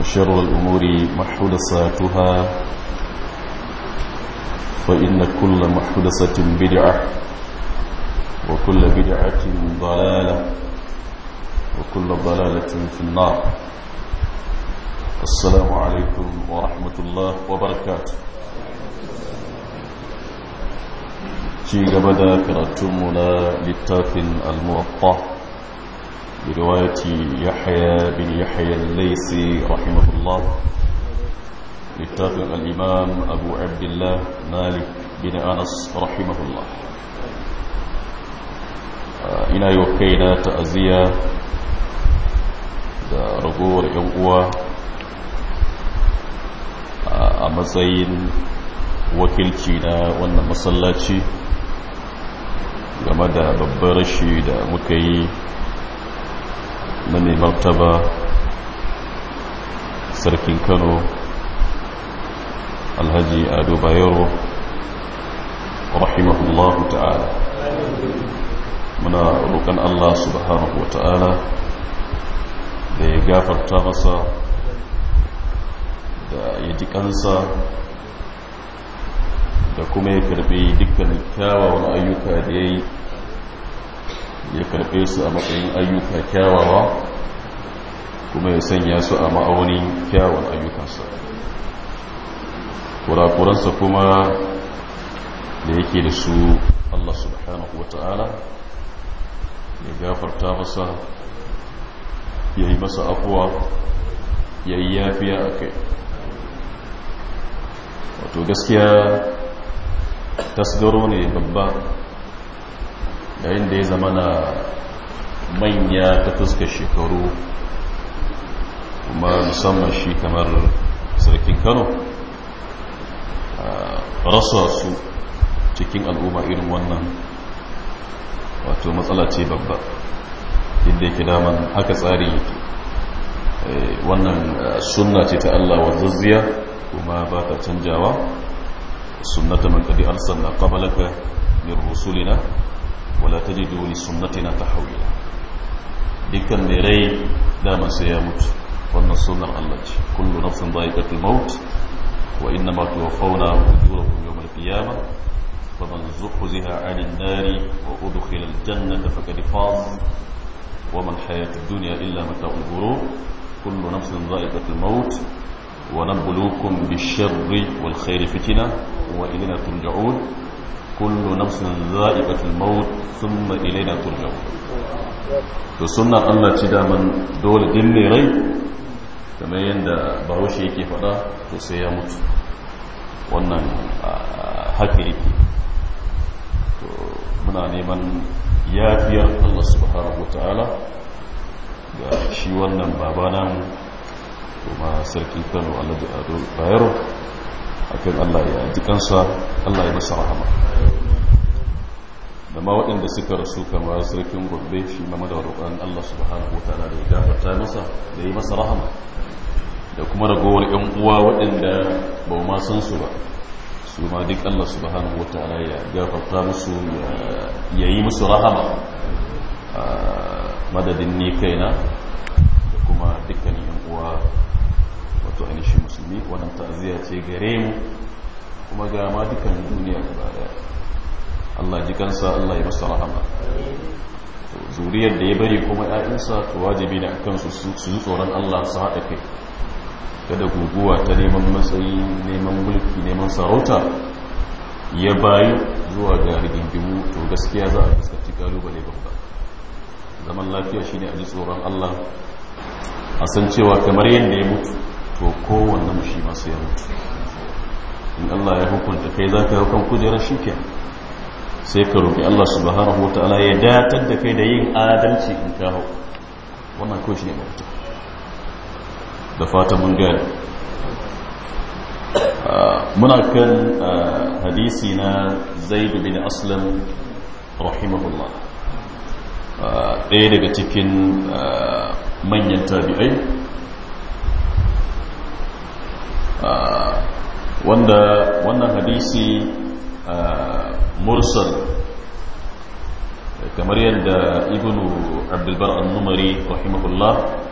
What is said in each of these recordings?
وشر الأمور محدثاتها فإن كل محدثة بدعة وكل بدعة ضلالة وكل ضلالة في النار السلام عليكم ورحمة الله وبركاته شيء بدأ كرتمنا للتافن الموطأ برواية يحيى بن يحيى Laisi رحمه الله اتفق الإمام أبو عبد الله مالك بن أنس رحمه الله ina yau kaina ta'aziyya da ragowar 'yan uwa a matsayin wakilci na wannan masallaci game da babbar rashi da muka yi na mai martaba sarkin kano alhaji ado bayero rahimahullahu ta'ala muna roƙon allah subhanahu wa ta'ala da ya gafarta masa da ya ji kansa da kuma ya karɓi dukkan kyawawan ayyuka da ya yi ya karɓe su a matsayin ayyuka kyawawa kuma ya sanya su a ma'aunin kyawun ayyukansa kurakuransa kuma da yake da su Allah subhanahu wa ta'ala ya gafarta masa ya yi masa afuwa ya yi yafiya a kai wato gaskiya tasgaro ne babba yayin da ya zama na manya ta fuska shekaru kuma musamman shi kamar sarkin kano rasuwa su cikin al'umma irin wannan wato matsala ce babba inda yake daman haka tsari yake e, wannan sunna ce ta Allah wa zazziya kuma ba ta canjawa sunnata man kadi arsalna qablaka min rusulina ولا تجدوا لسنتنا تحويلا ديكن ري دام سيموت وان سنة الله كل نفس ضائقة الموت وإنما توفونا أجوركم يوم القيامة فمن زحزح عن النار وأدخل الجنة فقد فاز ومن حياة الدنيا إلا متاع الغرور كل نفس ضائقة الموت ونبلوكم بالشر والخير فتنة وإلينا ترجعون kullu nafsin za'iqatul maut thumma ilayna turja'un to sunnar Allah ci da man dole din ne rai kamar yadda bahaushe yake faɗa to sai ya mutu wannan haka yake to muna neman yafiyar Allah subhanahu Ta'ala ga shi wannan babana kuma sarki Kano Alhaji Ado Bayero akan Allah ya ji kansa Allah ya masa rahama da ma waɗanda suka rasu kamar sarkin gobe shi ma da roƙon Allah subhanahu wa ta'ala da ya gafarta masa da yi masa rahama da kuma ragowar ƴan uwa waɗanda ba ma san su ba su ma duk Allah subhanahu wa ta'ala ya gafarta musu ya yi musu rahama madadin ni kaina da kuma dukkanin ƴan uwa wato ainihin musulmi wannan ta'aziyya ce gare mu kuma ga ma dukan duniya gaba daya Allah ji kansa Allah ya masa rahama zuriyar da ya bari kuma ƴaƴansa to wajibi ne akan su su tsoron Allah su haɗa kai kada guguwa ta neman matsayi neman mulki neman sarauta ya bayu zuwa ga rigingimu to gaskiya za a fuskanci kalubale babba zaman lafiya shine a ji tsoron Allah a san cewa kamar yadda ya mutu to kowanne mu shi masu ya mutu in Allah ya hukunta kai za ka haukan kujerar shi sai ka roƙi Allah subhanahu wa ala ya datar da kai da yin adalci in ka hau wannan kawai shi ne mafita da fata mun gani ah, muna kan ah, hadisi na zaidu bin aslam rahimahullah ah, ɗaya daga cikin manyan tabi'ai wanda wannan hadisi mursal kamar yadda ibnu abdulbar al-numari rahimahullah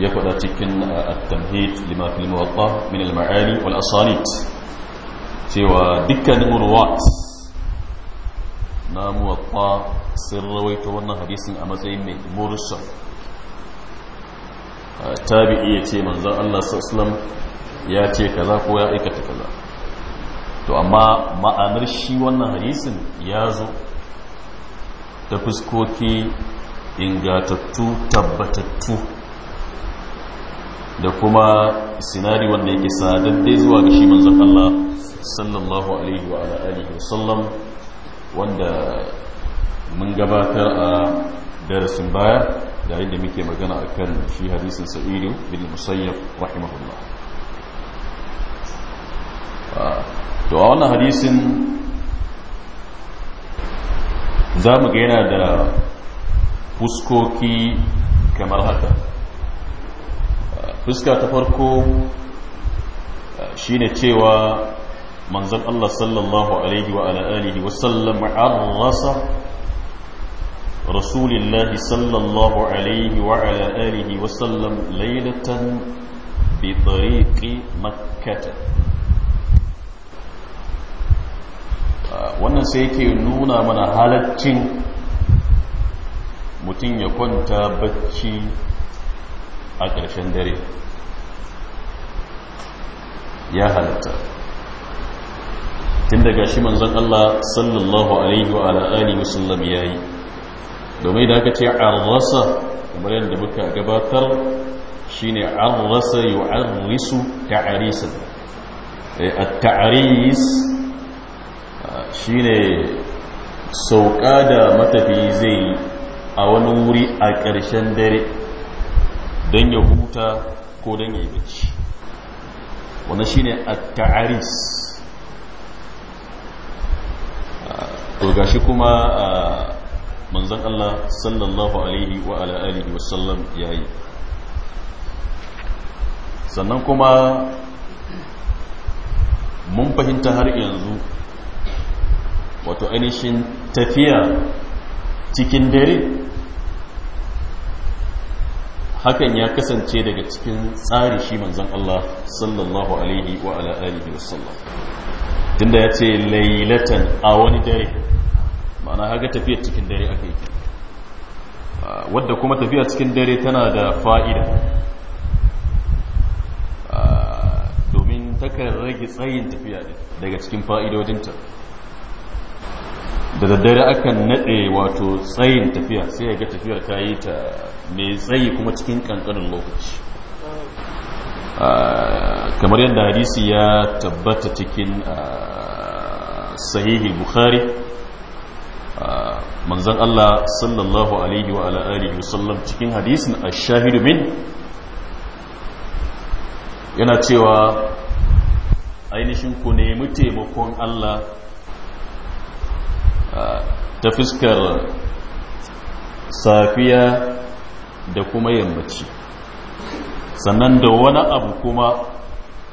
ya faɗa cikin at-tamhid lima fil muwatta min al-ma'ani wal asanid cewa dukkanin ruwat na muwatta sun rawaito wannan hadisin a matsayin mai mursal tabi'i ya ce manzon Allah sallallahu alaihi wasallam ya ce kaza ko ya aikata kaza to amma ma'anar shi wannan hadisin ya zo ta fuskoki ingatattu tabbatattu da kuma sinari wanda yake sadadde zuwa ga shi manzan Allah sallallahu alaihi wa alihi wasallam wanda mun gabatar a darasin baya yayin da muke magana a kan shi hadisin sa'idu bin musayyab rahimahullah to a wannan hadisin za mu gaina da fuskoki kamar haka fuska ta farko shi ne cewa manzon Allah sallallahu alaihi wa ala'alihi wa sallam arrasa rasulillahi sallallahu alaihi wa alihi wa sallam laylatan bi tariqi makkah wannan sai yake nuna mana halaccin mutum ya kwanta bacci a ƙarshen dare ya halatta tun daga shi manzon Allah sallallahu alaihi wa musulmi ya yayi domin da aka ce arrasa kamar yadda muka gabatar shine arrasa yu'arrisu ta'arisan eh, at-ta'ris Shi ne sauka da matafi zai yi a wani wuri a ƙarshen dare don ya huta ko don ya yi bici wani ne a ta'aris ga shi kuma a manzan Allah sallallahu alaihi wa ala'alihi wasallam ya yi sannan kuma mun fahimta har yanzu wato ainihin tafiya cikin dare hakan ya kasance daga cikin tsari shi manzan Allah sallallahu alaihi wa ala alihi tun tunda ya ce lailatan a wani dare ma'ana haka tafiya cikin dare aka yi ah, wadda kuma tafiya cikin dare tana da fa'ida ah, domin takan rage tsayin tafiya daga cikin fa'idojinta da daddare akan nade wato tsayin tafiya sai ya ga tafiyar ta yi ta mai tsayi kuma cikin kankanin lokaci ah, kamar yadda hadisi ya tabbata cikin ah, sahihi bukhari ah, manzan Allah sallallahu alaihi wa ala'arihi wasallam cikin hadisin ashahidu min yana cewa ainihin ku nemi taimakon Allah ta fuskar safiya da kuma yammaci sannan da wani abu kuma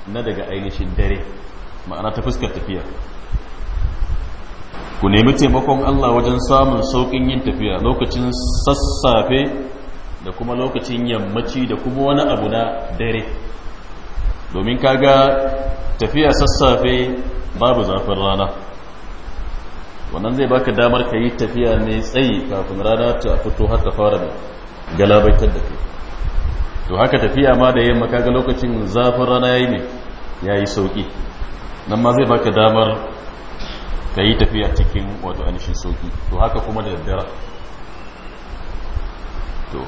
na daga ainihin dare ma'ana ta fuskar tafiya ku nemi taimakon Allah wajen samun saukin yin tafiya lokacin sassafe da kuma lokacin yammaci da kuma wani abu na dare domin kaga tafiya sassafe babu zafin rana wannan zai baka damar ka yi tafiya ne tsayi kafin rana ta fito har ta fara mai galabaitar da kai to haka tafiya ma da yamma kaga lokacin zafin rana yayi ne yayi sauki nan ma zai baka damar ka yi tafiya cikin wato anishin sauki to haka kuma da daddara to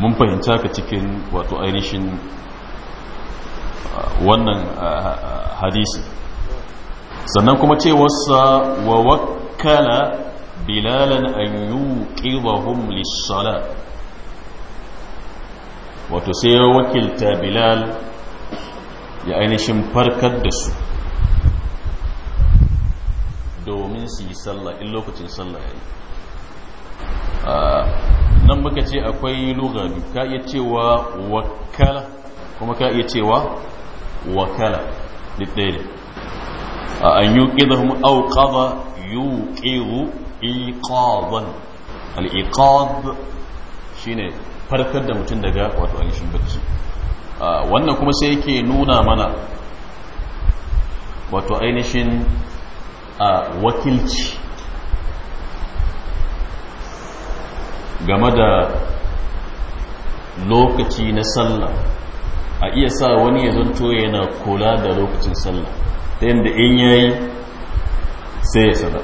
mun fahimta ka cikin wato ainihin wannan hadisi sannan kuma ce cewarsa wa wakala bilalan an yuqidhum lis sala, wato sai ya wakilta bilal ya ainihin farkar da su domin su yi sallah in lokacin sallah ya yi nan muka ce akwai lugari ka iya cewa wakala kuma ka iya cewa wakala ɗaya an yuqidhum aw qadha yuqidhu iqadan al shi ne farkar da mutum daga wato alishin barci. wannan kuma sai yake nuna mana wato ainihin wakilci game da lokaci na sallah a iya sa wani ya zanto yana kula da lokacin sallah ta yadda in ya yi sai ya sada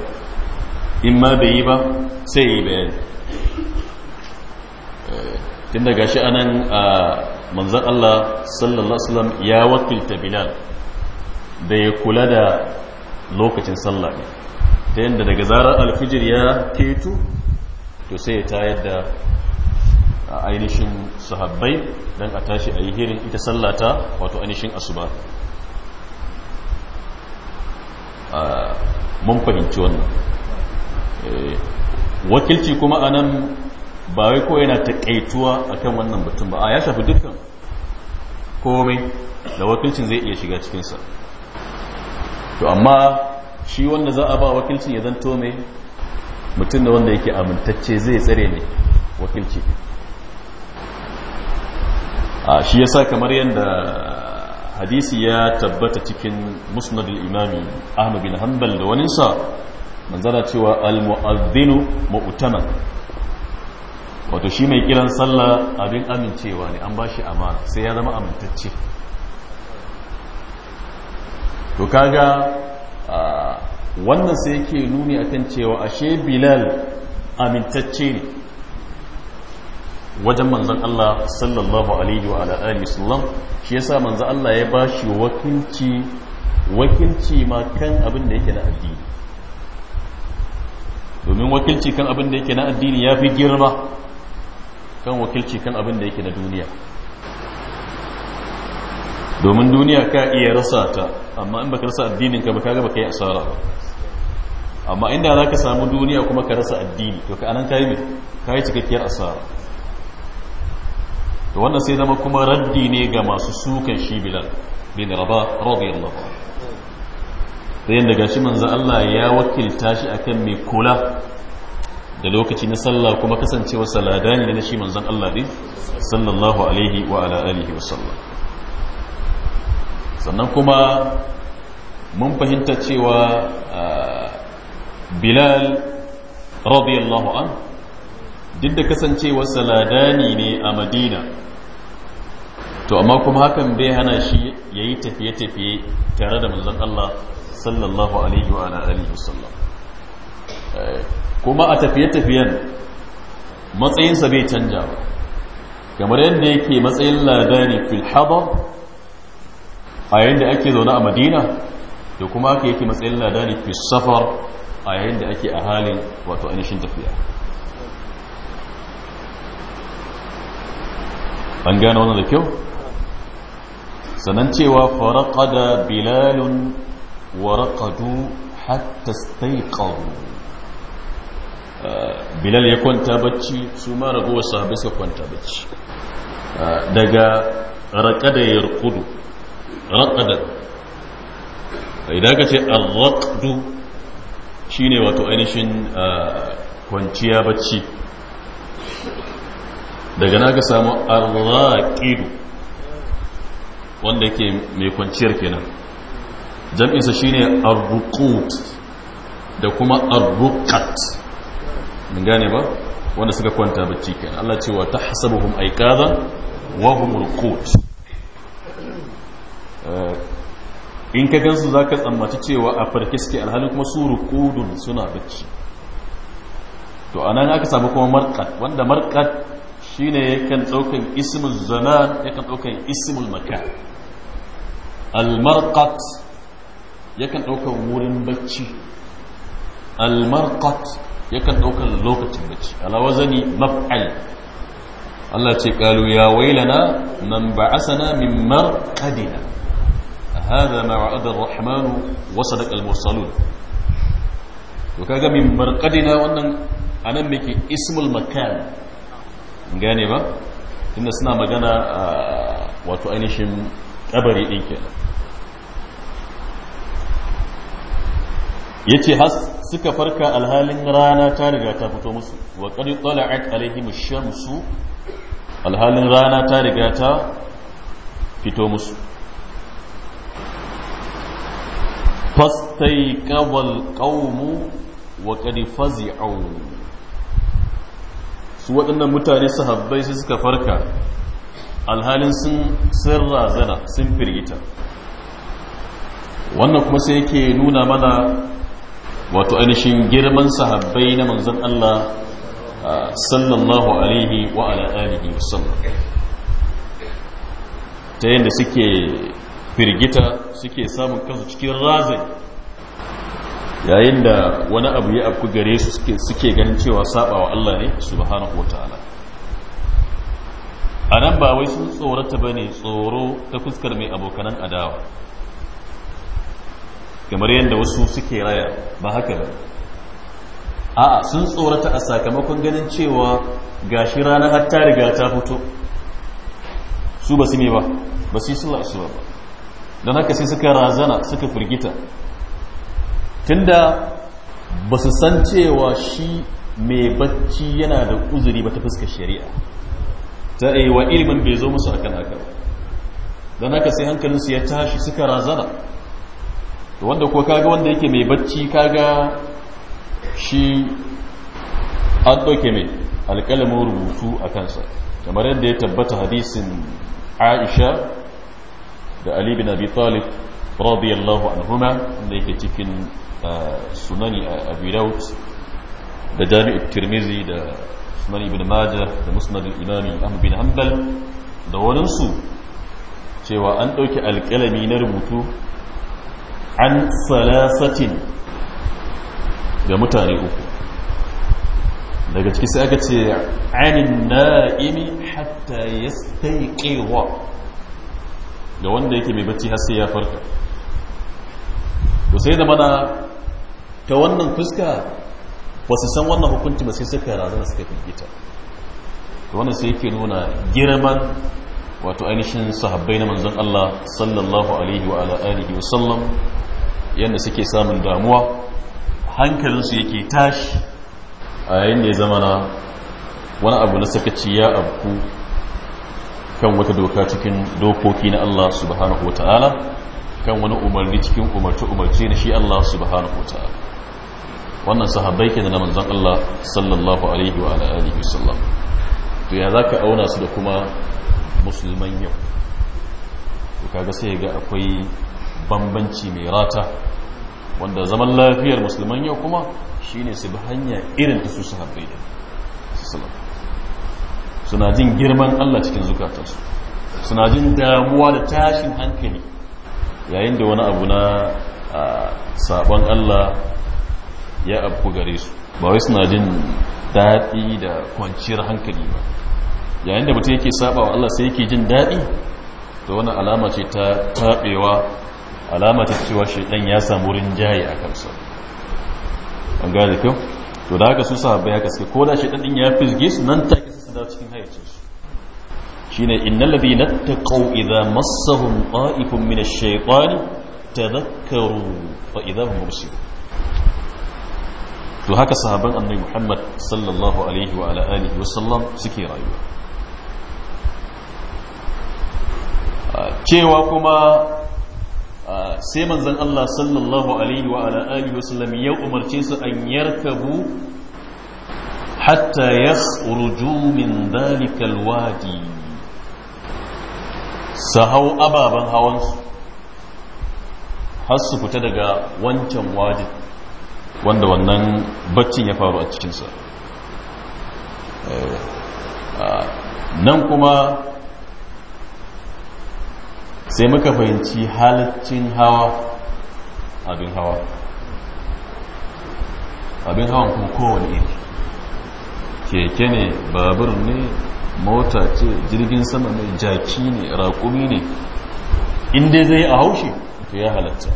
in ma bai yi ba sai ya yi bayani eh, tun daga shi anan a manzan Allah sallallahu Alaihi ya wakilta bilal da ya kula da lokacin sallah ta yadda daga zarar alfijir ya tetu to sai ya tayar da ainihin sahabbai don a tashi a yi hirin ita sallata wato ainihin asuba mun fahimci wannan eh, wakilci kuma a nan ba wai ko yana taƙaituwa a kan wannan batun ba a ya shafi dukkan komai da wakilcin zai iya shiga cikinsa to amma shi wanda za a ba wakilcin ya zanto mai mutum da wanda yake amintacce zai tsare ne wakilci a shi sa kamar yadda hadisi ya tabbata cikin musnad al-imami ahmad bin hanbal da waninsa manzana cewa al-mu'adhdhinu mu'taman wato shi mai kiran sallah abin amincewa ne an bashi amana sai ya zama amintacce to kaga wannan sai yake nuni akan cewa ashe bilal amintacce ne wajen manzan Allah sallallahu alaihi wa ala alihi sallam shi yasa manzan Allah ya bashi wakilci wakilci ma kan abin da yake na addini domin wakilci kan abin da yake na addini ya fi girma kan wakilci kan abin da yake na duniya domin duniya ka iya rasa ta amma in baka rasa addinin ka baka ga baka yi asara ba amma inda za ka samu duniya kuma ka rasa addini to ka anan kayi mai yi cikakkiyar asara to wannan sai zama kuma raddi ne ga masu sukan shi bilal bin raba radiyallahu sai yanda gashi manzo Allah ya wakilta shi akan mai kula da lokaci na sallah kuma kasancewa saladani ne na shi manzon Allah din sallallahu alaihi wa ala alihi wa sallam sannan kuma mun fahimta cewa ah, bilal radiyallahu anhu duk da kasancewar saladani ne a madina to amma kuma hakan bai hana shi ya yi tafiye-tafiye tare da manzon Allah sallallahu alaihi wa alihi wasallam eh, kuma a tafiye-tafiyen matsayinsa bai canja ba kamar yadda yake matsayin ladani fil hadar a yadda ake zaune a madina da kuma aka yake matsayin ladani fil safar a yadda ake a halin wato ainihin tafiya an gane wannan da kyau sanan cewa faraqada bilalun wa raqadu hatta staiqadu uh, bilal ya kwanta bacci su ma ragowar sahabbai su kwanta bacci uh, daga raqada yarqudu raqada idan ka ce ar-raqdu shine wato ainihin uh, kwanciya bacci daga na ka samu arraƙidu wanda yake mai kwanciyar kenan jam'insa shine arruqut da kuma arruqat mun gane ba wanda suka kwanta bacci kenan Allah ce wa tahsabuhum aykaza wa hum ruqut eh, in ka gansu zaka tsammaci cewa a farke suke alhali kuma su ruqudun suna bacci to anan aka samu kuma marqat wanda marqat shine yakan daukan ismul zaman yakan daukan ismul makan al-marqat yakan daukan wurin bacci al-marqat yakan daukan lokacin bacci ala wazani maf'al Allah ce kalu ya wailana man ba'asana min marqadina هذا ما وعد الرحمن وصدق المرسلون وكذا من مرقدنا وانا انا مكي اسم المكان gane ba inda suna magana wato ainihin kabari ɗin kenan ya ce suka farka alhalin rana ta riga ta fito musu wa ƙari tsala'at alaihim shamsu alhalin rana ta riga ta fito musu fastai kawal ƙaunu wa ƙari fazi'au su waɗannan mutane sahabbai sai suka farka alhalin sun sirra zana sun firgita wannan kuma sai yake nuna mana wato ainihin girman sahabbai na manzon Allah sallallahu alaihi wa alihi wasallam ta yadda suke firgita suke samun kansu cikin razai yayin da wani abu ya afku gare su suke ganin cewa wa Allah ne subhanahu wataala a nan ba wai sun tsorata ba ne tsoro ta fuskar mai abokanan adawa kamar yadda wasu suke raya ba haka ba a'a sun tsorata a sakamakon ganin cewa gashi rana har ta riga ta fito su ba su ne ba ba su yi sula ba don haka sai suka razana suka firgita tunda ba su san cewa shi mai bacci yana da uzuri ba ta fuskar shari'a ta eh, wa ilimin bai zo musu akan haka don haka sai hankalinsu ya tashi suka razana wanda ko kaga wanda yake mai bacci kaga shi an ɗauke mai alƙalamin rubutu a kansa kamar yadda ya tabbata hadisin aisha da ali bin abi talib radiyallahu anhuma wanda yake cikin sunani a abu daud da jami'ar tirmizi da sunani ibn maja da musnad imami ahmad bin hanbal da waninsu cewa an ɗauki alƙalami na rubutu an salasatin ga mutane uku daga ciki sai aka ce anin na'imi hatta ya staiƙewa ga wanda yake mai bacci har sai ya farka to sai da mana ta wannan fuska ba su san wannan hukunci ba sai suka razana suka firgita ta wannan sai yake nuna girman wato ainihin sahabbai na manzon Allah sallallahu alaihi wa alihi wasallam yadda suke samun damuwa hankalinsu yake tashi a yayin da ya zama na wani abu na sakaci ya abu kan wata doka cikin dokoki na Allah subhanahu wa ta'ala kan wani umarni cikin umarce-umarce na shi Allah subhanahu wa ta'ala wannan sahabbai ke na manzan Allah sallallahu alaihi wa alihi wasallam to ya zaka auna su da kuma musulman yau to kaga sai ga akwai bambanci mai rata wanda zaman lafiyar musulman yau kuma ne su bi hanya irin da su sahabbai da suna jin girman Allah cikin zukatansu suna jin damuwa da tashin hankali yayin da wani abu na ah, sabon Allah ya abu gare su ba wai suna jin daɗi da kwanciyar hankali ba yayin da mutum yake saba wa Allah sai yake jin daɗi to wani alama ce ta taɓewa alama ta cewa shaɗan ya samu rin jaye a kansa an gane kyau to da haka su sahabbai ya suke ko da shaɗan ɗin ya fizge su nan take su dawo cikin hayyacin su shine innal ladina taqaw idza massahum qa'ifun min ash-shaytani tadhakkaru fa idza hum to haka sahaban annabi muhammad sallallahu alaihi wa alihi wasallam suke rayuwa cewa kuma sai manzan allah sallallahu alaihi wa alihi wasallam ya umarce su an yarkabu hatta ya min dalikal wadi su hau hawan su. har su fita daga wancan wajin wanda wannan baccin ya faru a cikinsa eh, nan kuma sai muka fahimci halittin hawa abin hawa abin hawan kuma kowane iri keke ne babur ne mota ce jirgin sama ne jaki ne raƙumi ne inda zai yi a haushi to ya halatta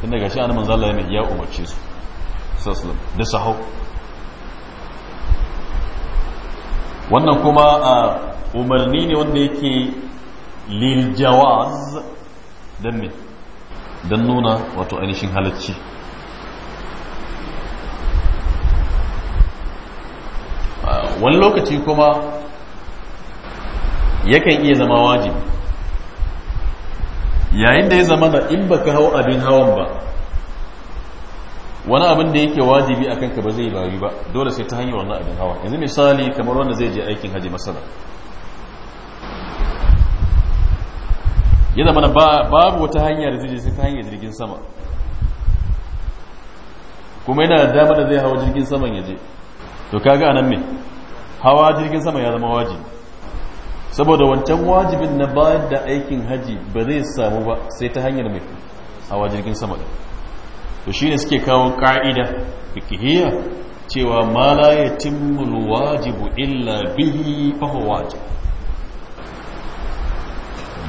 tun daga shi an manzala ya umarci su sallam da sahau wannan kuma a umarni ne wanda yake lil jawaz don me don nuna wato ainihin halarci, wani lokaci kuma yakan iya zama wajibi yayin da ya zama da in baka hau abin hawan ba wani abin da yake wajibi a kanka ba zai bayu ba dole sai ta hanyar wannan abin hawa yanzu misali kamar wanda zai je aikin haji masana ya mana babu wata hanya da zai je sai ta hanyar jirgin sama kuma yana da dama da zai hawa jirgin sama ya je to kaga anan me hawa jirgin sama ya zama wajibi saboda wancan wajibin na bayar da aikin haji ba zai samu ba sai ta hanyar mai hawa jirgin sama to shi ne suke kawo ƙa'ida, fikihiyya cewa ma la yatimmu wajibu illa bihi fa huwa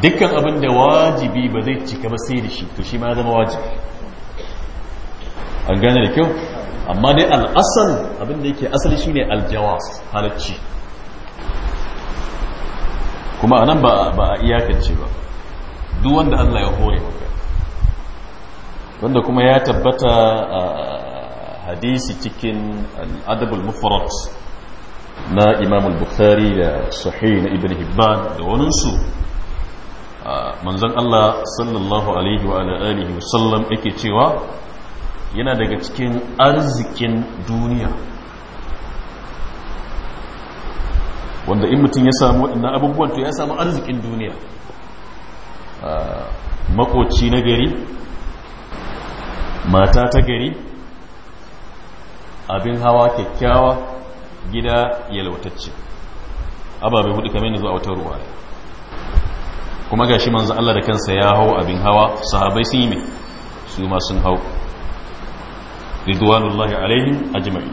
dukkan abin da wajibi ba zai cika ba sai da shi to shi ma zama wajibi an gane da kyau amma dai al'asal abin da yake asali ne aljawas halacci kuma anan ba a iyakance ba duk wanda Allah ya hore maka wanda kuma ya tabbata hadisi cikin al'adabul mufarat na imam bukhari da sahi na ibn hibban da waninsu manzan Allah sallallahu alaihi wa alihi wasallam yake cewa yana daga cikin arzikin duniya wanda in mutum ya samu waɗannan abubuwan to ya samu arzikin duniya makoci na gari mata ta gari abin hawa kyakkyawa gida yalwatacce ababe hudu kamar yanzu a wata ruwa kuma gashi manzo Allah da kansa ya hau abin hawa sahabbai sun yi mai su ma sun hau ridwanullahi alaihim ajma'i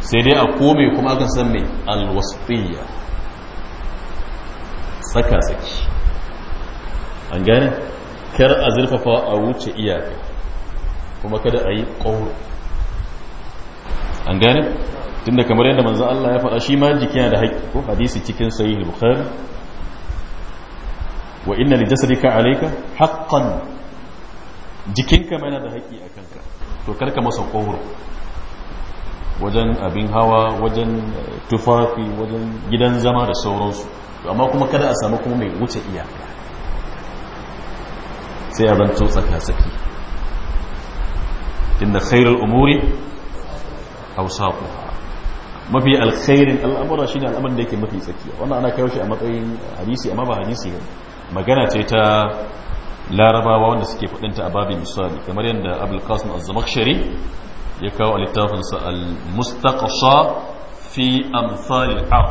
sai dai a kome kuma aka san mai alwasiyya saka saki an gane kar a zurfafa a wuce iyaka kuma kada a yi an gane tunda kamar yadda manzan Allah ya faɗa shi ma jiki yana da haƙƙi ko hadisi cikin sahih bukhari wa inna li jasadika alayka haqqan jikinka ma yana da haƙƙi a kanka to karka masa ƙauro wajen abin hawa wajen eh, tufafi wajen gidan zama da sauransu amma kuma kada a samu kuma mai wuce iyaka sai ya zanto tsaka-tsaki inda khairul umuri a wasaku mafi alkhairin al'amura shi ne al'amur da yake mafi tsaki wannan ana kawo shi a matsayin hadisi amma ba hadisi ne magana ce ta larabawa wanda suke kudinta a babin misali kamar yadda qasim az-zamakhshari ya kawo a littafinsa al mustaqsha fi amsal al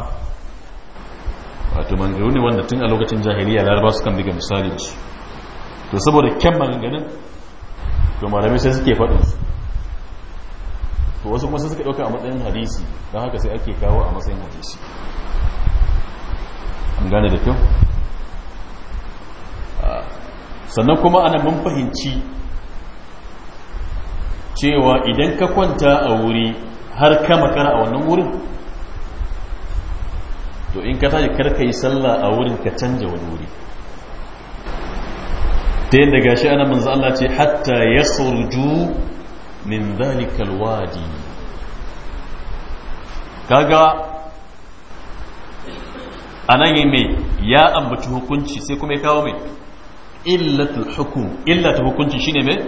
wato mangaru ne wanda tun a lokacin jahiliya larabawa su kan diga misali da su to saboda kyan maganganun to malamai sai suke faɗin su to wasu kuma sai suka ɗauka a matsayin hadisi don haka sai ake kawo a matsayin hadisi an gane da kyau sannan kuma ana mun fahimci cewa idan ka kwanta a wuri har ka makara a wannan wurin to in ka kar karka yi sallah a wurin ka canja wani wuri ta yadda gashi ana manzo Allah ce hatta surju min zalikal wadi kaga anan yi mai ya ambaci hukunci sai kuma ya kawo mai illatul hukum illatul hukunci shine mai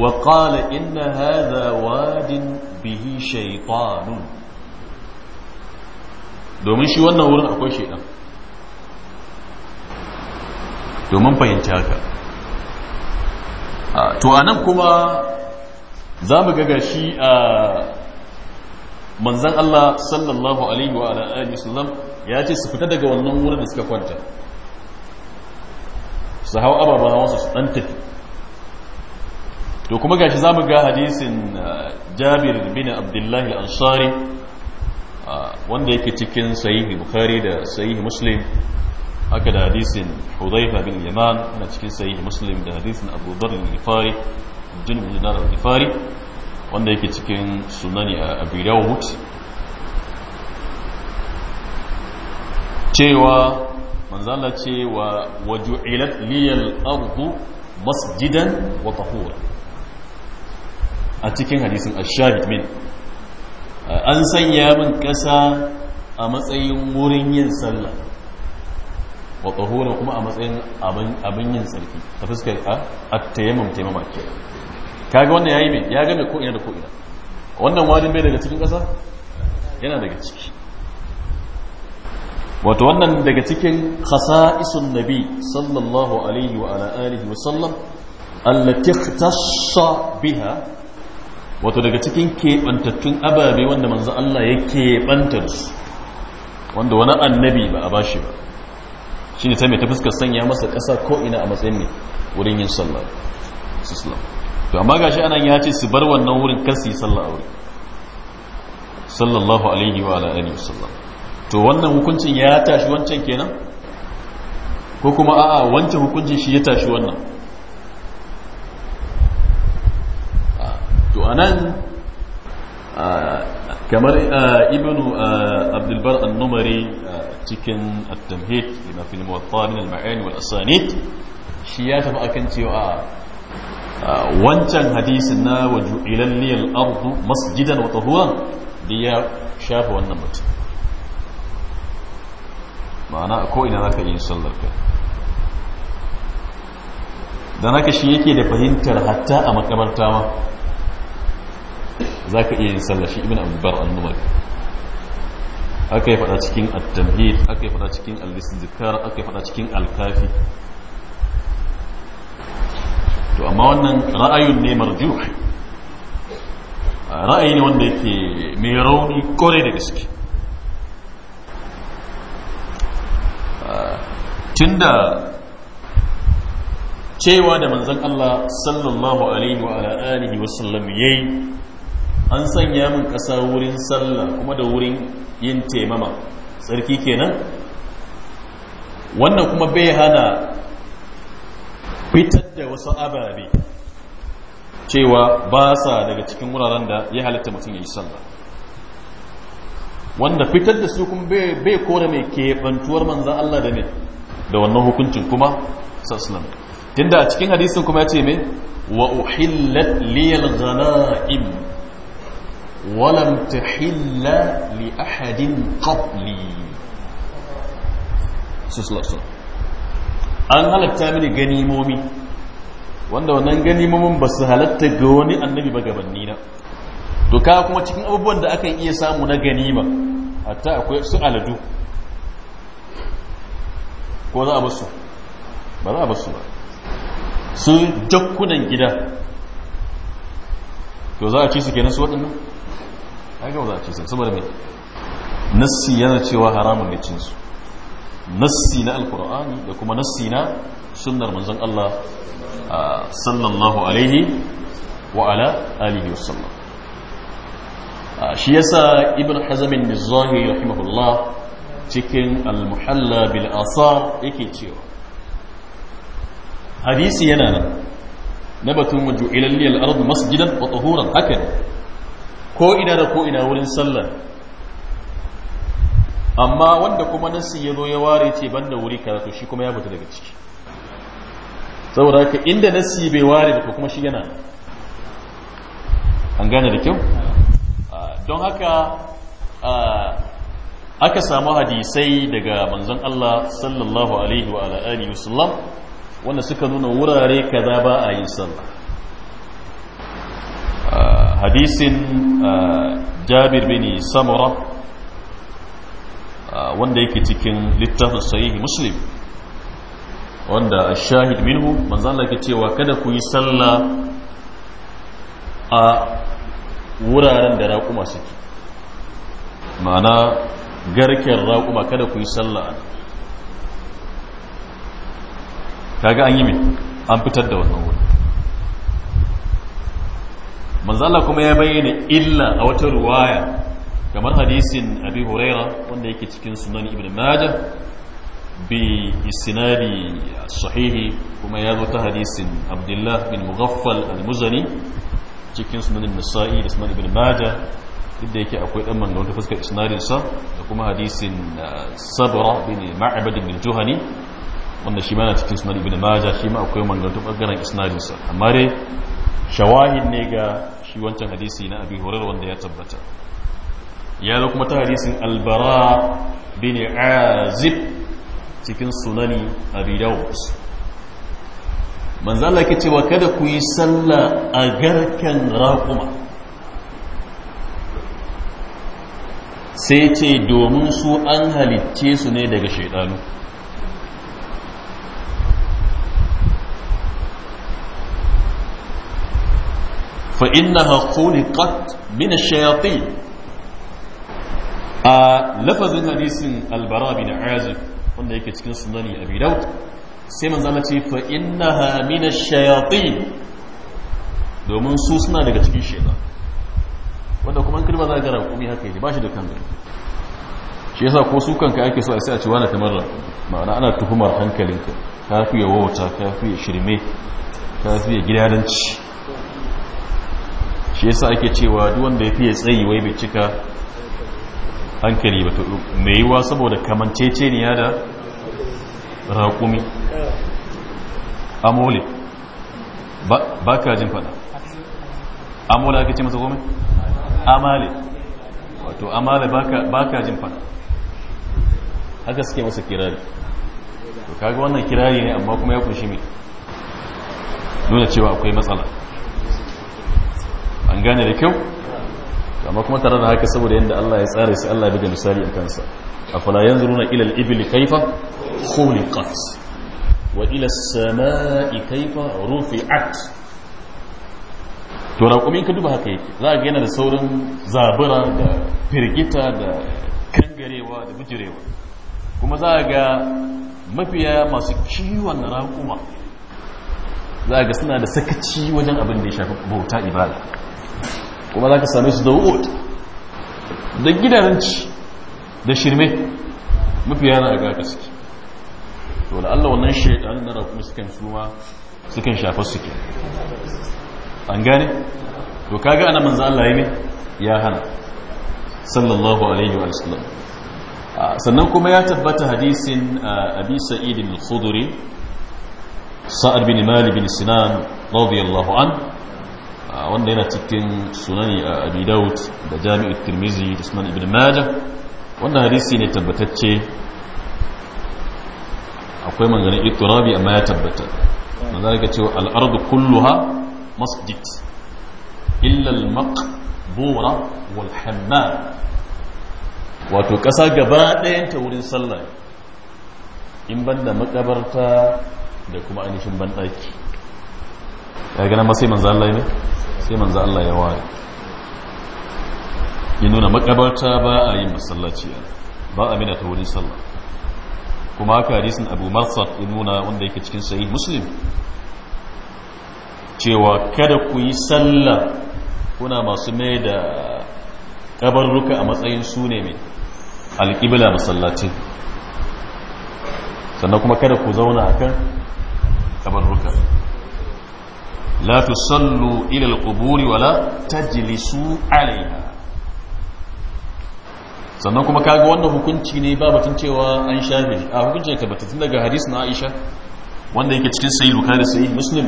wa qala inna hadha wadin bihi shaytanun domin shi wannan wurin akwai shaytan domin fahimta ka. to anan kuma za mu ga shi a Manzon Allah sallallahu alaihi wa alihi wasallam ya ce su fita daga wannan wurin da suka kwanta su hau ababa wasu su dan tafi to kuma gashi za mu ga hadisin Jabir bin Abdullahi al-Ansari wanda yake cikin sahihi Bukhari da sahihi Muslim haka da hadisin hudaifa bin yaman yana cikin sahih muslim da hadisin abu dhar jin bin dinar wanda yake cikin sunani a abi dawud cewa manzala ce waju waju'ilat liyal ardu masjidan wa tahura a cikin hadisin ash min an sanya min kasa a matsayin wurin yin sallah wa tsohura kuma a matsayin abin yin tsarki ta fuskar a tayammum taimama ke kaga wannan ya yi mai ya game ko'ina da ko'ina wannan wani bai daga cikin ƙasa yana daga ciki wato wannan daga cikin ƙasa isun nabi sallallahu alaihi wa ala alihi wa sallam allatik ikhtassa biha wato daga cikin keɓantattun ababe wanda manzo Allah ya keɓantar su wanda wani annabi ba a bashi ba shi ne ta mai ta fuskar sanya masa ƙasa ko ina a matsayin ne wurin yin sallah sallah to amma gashi anan ya ce su bar wannan wurin kar su yi sallah a wuri. sallallahu alaihi wa ala'ihi wa sallam. to wannan hukuncin ya tashi wancan kenan ko kuma a'a wancan hukuncin shi ya tashi wannan to anan ah, kamar ah, ibnu ah, abdulbar an-numari cikin at-tamhid lima fil muwatta min al-ma'ani wal asanid shi ya tafi akan cewa wancan hadisin na waju ilalli al-ardu masjidan wa tahura da ya shafa wannan mutum ma'ana ko ina zaka yi sallar ka dan haka shi yake da fahimtar hatta a makabarta ma zaka iya yin sallar shi ibn abdul bar al-numari aka yi fada cikin at-tamhid aka yi fada cikin al-istizkar aka yi fada cikin al-kafi to amma wannan ra'ayin ne marjuh ra'ayi ne wanda yake mai rauni kore da gaske tunda cewa da manzon Allah sallallahu alaihi wa alihi wa sallam yayi an sanya min kasa wurin sallah kuma da wurin yin taimama tsarki kenan wannan kuma bai hana fitar da wasu ababe cewa ba sa daga cikin wuraren da ya halitta mutum ya yi sallah wanda fitar da su kuma bai kore mai keɓantuwar manzan Allah da ne da wannan hukuncin kuma sassalam tunda a cikin hadisin kuma ya ce mai wa uhillat liyal ghana'im ولم تحل لأحد قبلي sallallahu alaihi an halatta mini ganimomi wanda wannan ganimomin ba su halatta ga wani annabi ba gabanni na to ka kuma cikin abubuwan da aka iya samu na ganima hatta akwai su aladu ko za a basu ba za a basu ba su jakkunan gida to za a ci su kenan su waɗannan kaga a ce nassi yana cewa haramun ne cin su nassi na alkur'ani da kuma nassi na sunnar manzon Allah sallallahu alaihi wa ala alihi wasallam shi yasa ibn hazamin nizahi rahimahullah cikin al-muhalla bil asar yake cewa hadisi yana nan na batun waju'ilalliyar ardu masjidan wa tahuran haka ne ko ina da ko ina wurin sallar amma wanda kuma nasi ya zo ya ware ce banda wuri kaza to shi kuma ya fita daga ciki saboda haka inda nasi bai ware ba kuma shi yana an gane da kyau ah, don haka ah, aka samu hadisai daga manzon Allah sallallahu alaihi wa alihi wasallam wanda suka nuna wurare kaza ba a yin sallah hadisin jabir bin samura wanda yake cikin littafin sahihi muslim wanda shahid minhu manzo Allah yake cewa kada ku yi sallah a wuraren da raƙuma suke ma'ana garken raƙuma kada ku yi sallah kaga an yi mai an fitar da wannan wuri manzo Allah kuma ya bayyana illa a wata ruwaya kamar hadisin abi huraira wanda yake cikin sunan ibn majah bi isnadi sahihi kuma ya zo ta hadisin abdullah bin mughaffal al-muzani cikin sunan nasa'i da sunan ibn majah duk da yake akwai dan manzo wanda fuskar isnadin sa da kuma hadisin uh, sabra bin ma'bad bin juhani wanda shi ma na cikin sunan ibn majah shi ma akwai manzo ta bangaren isnadin sa amma dai shawahid ne ga shi wancan hadisi na abi horar wanda ya tabbata ya zo kuma ta hadisin albara bin azib cikin sunani abi dawud manzala ke cewa kada ku yi sallah a garken Raƙuma? sai ce domin su an halicce su ne daga shaidanu فإنها خلقت من الشياطين a lafazin hadisin albara bin azif wanda yake cikin sunani abi daud sai manzo Allah ce fa innaha min ash-shayatin domin su suna daga cikin shaytan wanda kuma kirba za ga rakumi haka yake ba shi da kanka shi yasa ko su kanka ake so a sai a ci wani tamarra ma'ana ana tuhumar hankalinka ka fiye wauta ka fiye shirme ka fiye gidadanci shi yasa ake cewa duk wanda ya fiye tsayi wai bai cika hankali ba mai yiwa saboda kamancece ne ya da raƙumi amole ba ka jin fada amole ake ce masa gome amale wato amale ba ka jin fada haka suke masa kirari to kaga wannan kirari ne amma kuma ya kunshi mai nuna cewa akwai matsala an gane da kyau amma kuma tare da haka saboda yadda Allah ya tsara shi Allah ya buga misali a kansa yanzu nuna ilal al-ibli kayfa khuliqat wa ila samai kayfa rufi'at to raƙumin ka duba haka yake za a gina da saurin zabura da firgita da kangarewa da bijirewa, kuma za ga mafiya masu kiwon raƙuma za ga suna da sakaci wajen abin da ya shafi bauta ibada kuma za ka same su da wud da gidananci da shirme mafi yana a gaka suke to da allah wannan shaidan na kuma sukan suma sukan shafa suke an gane to kaga ana manzo allah ya ne ya hana sallallahu alaihi wa sallam sannan kuma ya tabbata hadisin abi sa'id al-khudri sa'ad bin Mali bin sinan radiyallahu anhu wanda yana cikin sunani a abi daud da jami'u tirmizi da sunan ibn majah wannan hadisi ne tabbatacce akwai maganin iturabi amma ya tabbata na za cewa al'adu kulluha masjid illal maqbura wal hammam wato ƙasa gaba ɗayanta wurin sallah in banda makabarta da kuma ainihin banɗaki ya gana ba sai manzan Allah ne sai manzan Allah ya ware ya nuna makabarta ba a yin masallaci ba a mina ta wurin sallah kuma haka hadisin abu marsad ya nuna wanda yake cikin sayi muslim cewa kada ku yi sallah kuna masu mai da kabarruka a matsayin su ne mai alƙibila masallacin sannan kuma kada ku zauna a kan kabarruka la تصلوا ila القبور wala تجلسوا عليها sannan kuma kaga wannan hukunci ne ba batun cewa an shafe a hukunci ta batun daga hadis na Aisha wanda yake cikin sahih Bukhari sahih Muslim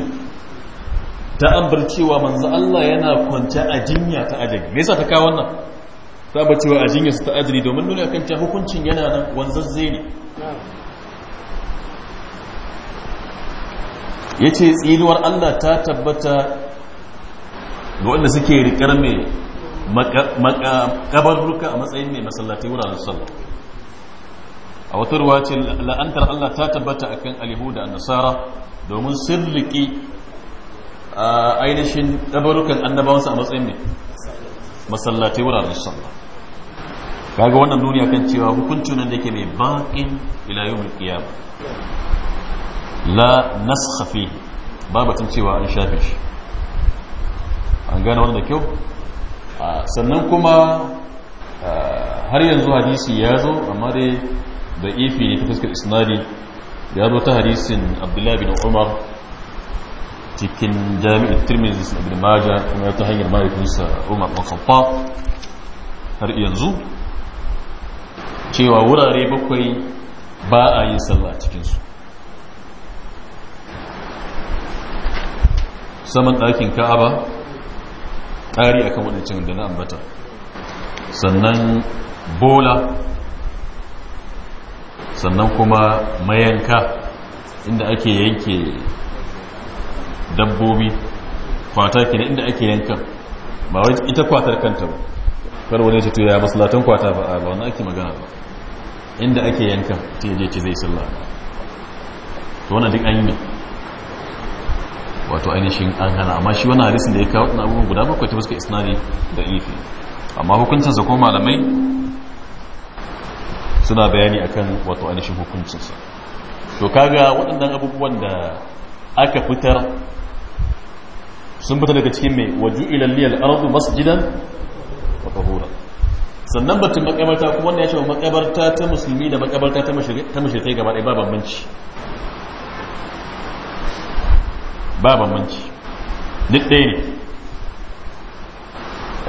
ta ambar cewa manzo Allah yana kwanta a jinya ta ajali me yasa ta kawo wannan ta ba cewa a jinya ta ajali domin nuna kan ta hukuncin yana nan wanzar zai ne ya ce tsinuwar allah ta tabbata ga wanda suke rikar mai makabarruka a matsayin mai masallatai wuraren sallah a wata ruwa ce la'antar allah ta tabbata akan alihu da annasara domin sun riƙi ainihin ɗabarukan annabawansa a matsayin mai masallatai wuraren sallah kaga wannan duniya kan cewa hukuncin da ke mai baƙin ila yau mai la naskhafi babatun cewa an shafe shi an gane wanda kyau sannan kuma har yanzu hadisi ya zo amma dai da ifi ne ta fuskar isnadi ya zo ta hadisin abdullahi bin umar cikin jami'ar tirmidhi sun abin maja kuma ya ta hanyar mahaifinsa umar makaffa har yanzu cewa wurare bakwai ba a yin sallah cikinsu saman ɗakin ka'aba ƙari akan waɗancan da na ambata sannan bola sannan kuma mayanka inda ake yanke dabbobi kwata ke inda ake yanka ba wani ita kwatar kanta ba kar wani ce to ya masulatan kwata ba a ba wani ake magana ba inda ake yanka ta yaje ce zai sallah to wani duk an yi wato ainihin an hana amma shi wani harisun da ya kawo na abubuwan guda bakwai ta isna ne da ifi amma hukuncinsa ko malamai suna bayani akan wato ainihin hukuncinsa to kaga waɗannan abubuwan da aka fitar sun fita daga cikin mai waju ilalliyar ardu masjidan wa tahura sannan batun makabarta kuma wanda ya shafi makabarta ta musulmi da makabarta ta mashirkai gaba ɗaya ba bambanci ba bambanci duk ɗaya ne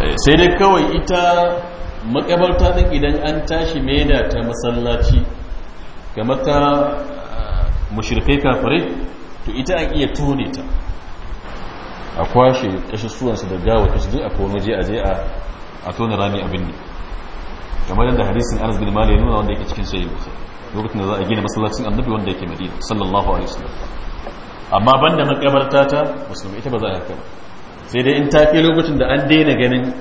eh, sai dai kawai ita makabarta ɗin idan an tashi maida ta masallaci kamar ta eh, mushirkai kafare to ita an iya tone ta a kwashe suwansa da gawa kashi zai a kone je a je a tone rami abin ne kamar yadda hadisin anas bin mali nuna wanda yake cikin mutu. lokacin da za a gina masallacin annabi wanda yake madina sallallahu alaihi wasallam amma banda makabarta ta musulmi ita ba za a haka ba sai dai in ta kai lokacin da an daina ganin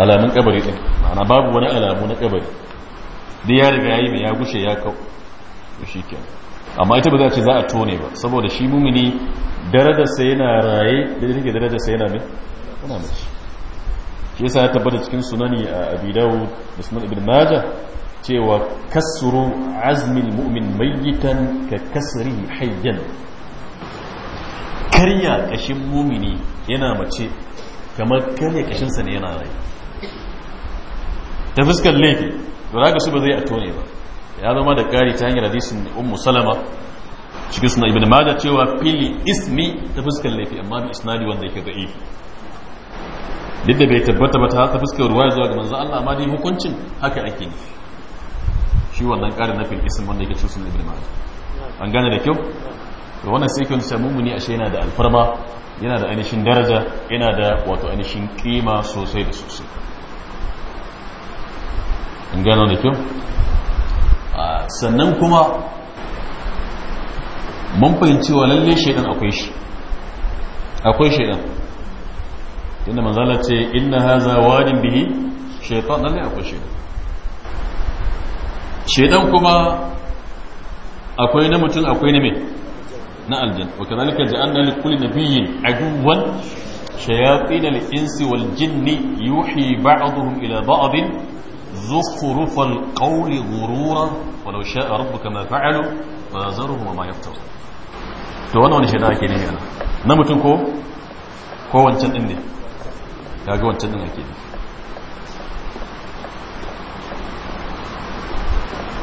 alamun kabari ɗin ma'ana babu wani alamu na kabari dai ya riga yayi mai ya gushe ya kau to shikenan amma ita ba za ce za a tone ba saboda shi mumini darajar sa yana raye da take ke sa yana mai yana mai shi yasa ya tabbata cikin sunani a Abi Dawud da Sunan Ibn Majah cewa kasru azmin mu'min mayyitan ka kasrihi hayyan karya kashin mumini yana mace kamar karya kashinsa ne yana rai ta fuskar laifi ba za su ba zai a tone ba ya zama da kari ta hanyar hadisin ummu salama cikin suna ibn majah cewa fili ismi ta fuskar laifi amma bi isnadi wanda yake ifi duk da bai tabbata ba ta fuskar ruwa zuwa ga manzo Allah amma dai hukuncin haka ake yi. shi wannan karin na fil ism wanda yake cikin suna ibn majah an gane da kyau da wannan sai kan samu muni ashe yana da alfarma yana da ainihin daraja yana da wato ainihin kima sosai da sosai An gano da kyau sannan kuma mun fahimci wa lalle shaidan akwai shi akwai shaidan inda manzala ce inna haza wadin bihi shaitan lalle akwai shaidan shaidan kuma akwai na mutum akwai na mai na aljanna wa kadhalika ja'alna li kulli nabiyyin aduwan shayatin al-insi wal jinni زخرف القول غرورا ولو شاء ربك ما فعلوا فذرهم وما يفترون to wannan wani shaida ake nufi ana na mutum ko ko wancan din ne kaga wancan din ake nufi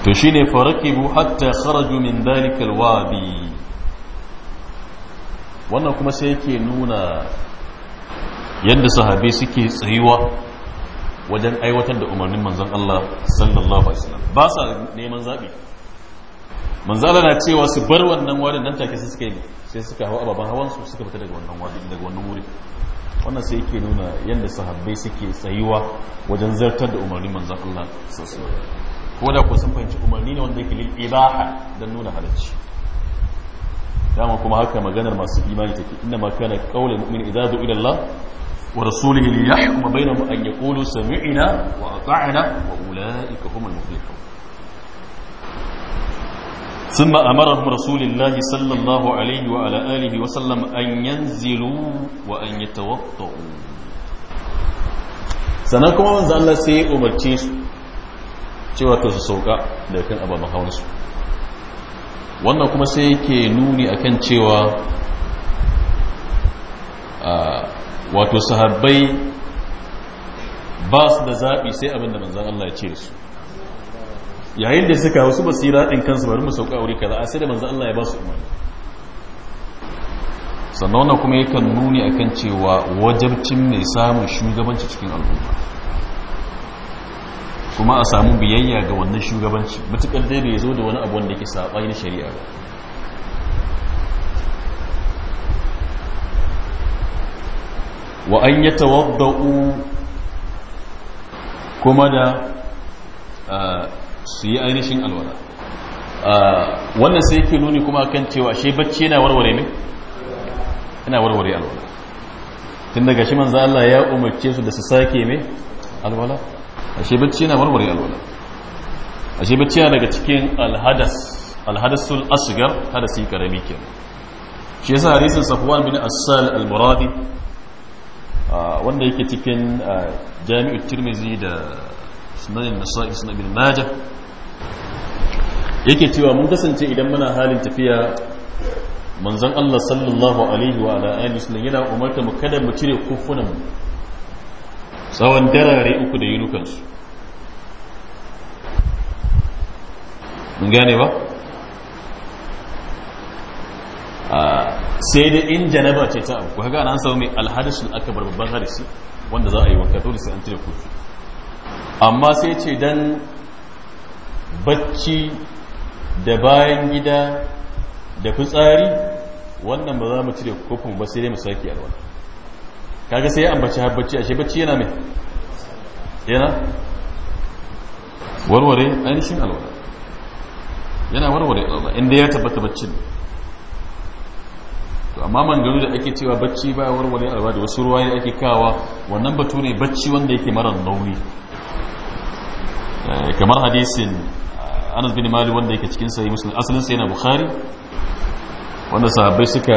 to shine farakibu hatta kharaju min dhalika alwadi wannan kuma sai yake nuna yadda sahabai suke tsayuwa wajen aiwatar da umarnin manzan Allah sallallahu alaihi wasallam ba sa neman zabi manzala na cewa su bar wannan wadin nan take su suka yi sai suka hawa ababen hawan su suka fita daga wannan wadin daga wannan wurin wannan sai yake nuna yadda sahabbai suke tsayuwa wajen zartar da umarnin manzan Allah sallallahu alaihi wasallam ko da ko sun fahimci umarni ne wanda yake lil ibaha dan nuna halacci dama kuma haka maganar masu imani take inna ma kana qaulul mu'min idza du'a ila Allah wa rasulihi li yahkuma bainahum an yaqulu sami'na wa ata'na wa ulaika humul muflihun ثم أمرهم رسول الله صلى الله عليه وعلى آله وسلم أن ينزلوا وأن يتوضؤوا sannan kuma manzo Allah sai ya umarce su cewa to su sauka daga kan ababen hawan su wannan kuma sai yake nuni akan cewa wato sahabbai ba su da zaɓi sai abin da manzan Allah ya ce su yayin da suka wasu basira ɗin kansu bari mu sauka wuri kaza a sai da manzan Allah ya ba su umarni sannan wannan kuma yakan nuni akan cewa wajabcin mai samun shugabanci cikin al'umma kuma a samu biyayya ga wannan shugabanci matuƙar dai bai zo da wani abu wanda ke saɓa yin shari'a ba wa an yi tawadda'u kuma da su yi ainihin alwala wannan sai ke nuni kuma kan cewa shi bacci yana warware ne? yana warware alwala tun daga shi manzo Allah ya umarce su da su sake mai alwala ashe bacci yana warware alwala ashe bacci yana daga cikin alhadas alhadasul asgar hadasi karami ke shi yasa hadisin safwan bin asal al-muradi wanda yake cikin jami'ut tirmizi da sunan nasa'i sunan bin majah yake cewa mun kasance idan muna halin tafiya manzon Allah sallallahu alaihi wa ala alihi yana umarta mu kada mu cire kufunan mu tsawon darare uku da yunukansu mun gane ba sai dai in janaba ce ta abu haka an samu mai alhadishin akabar babban hadisi wanda za a yi wanka dole sai an cire kofi amma sai ce dan bacci da bayan gida da fitsari wannan ba za mu cire kofin ba sai dai mu sake alwala kaga sai ya ambaci har bacci ashe bacci yana mai yana warware ainihin alwala yana warware alwala inda ya tabbata baccin to amma gano da ake cewa bacci ba warware alwala da wasu ruwa ake kawa wannan batu ne bacci wanda yake mara nauyi eh, kamar hadisin anas bin mali wanda yake cikin sahih muslim asalin sa yana bukhari wanda sahabbai suka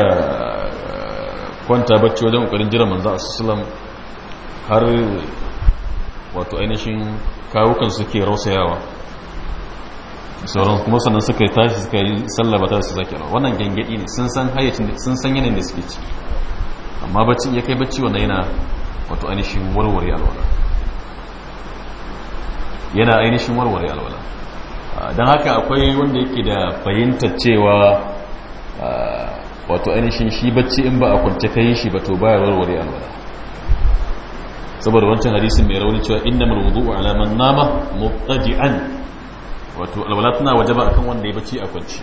kwanta bacci wajen ƙoƙarin jiran manzan asusulam har wato ainihin kawukan suke rausayawa sauran kuma sannan suka yi tashi suka yi sallaba ta su zaki wannan gangadi ne sun san hayyacin sun san yanayin da suke ciki amma bacci ya kai bacci wannan yana wato ainihin warware alwala yana ainihin warware alwala don haka akwai wanda yake da fahimtar cewa ah, wato ainihin shi bacci in ba a kwance ka yi shi ba to baya warware alwala saboda wancan hadisin mai rauni cewa inna mal wudu'u ala man nama mubtadi'an wato alwala tana wajaba akan wanda ya bacci a kwance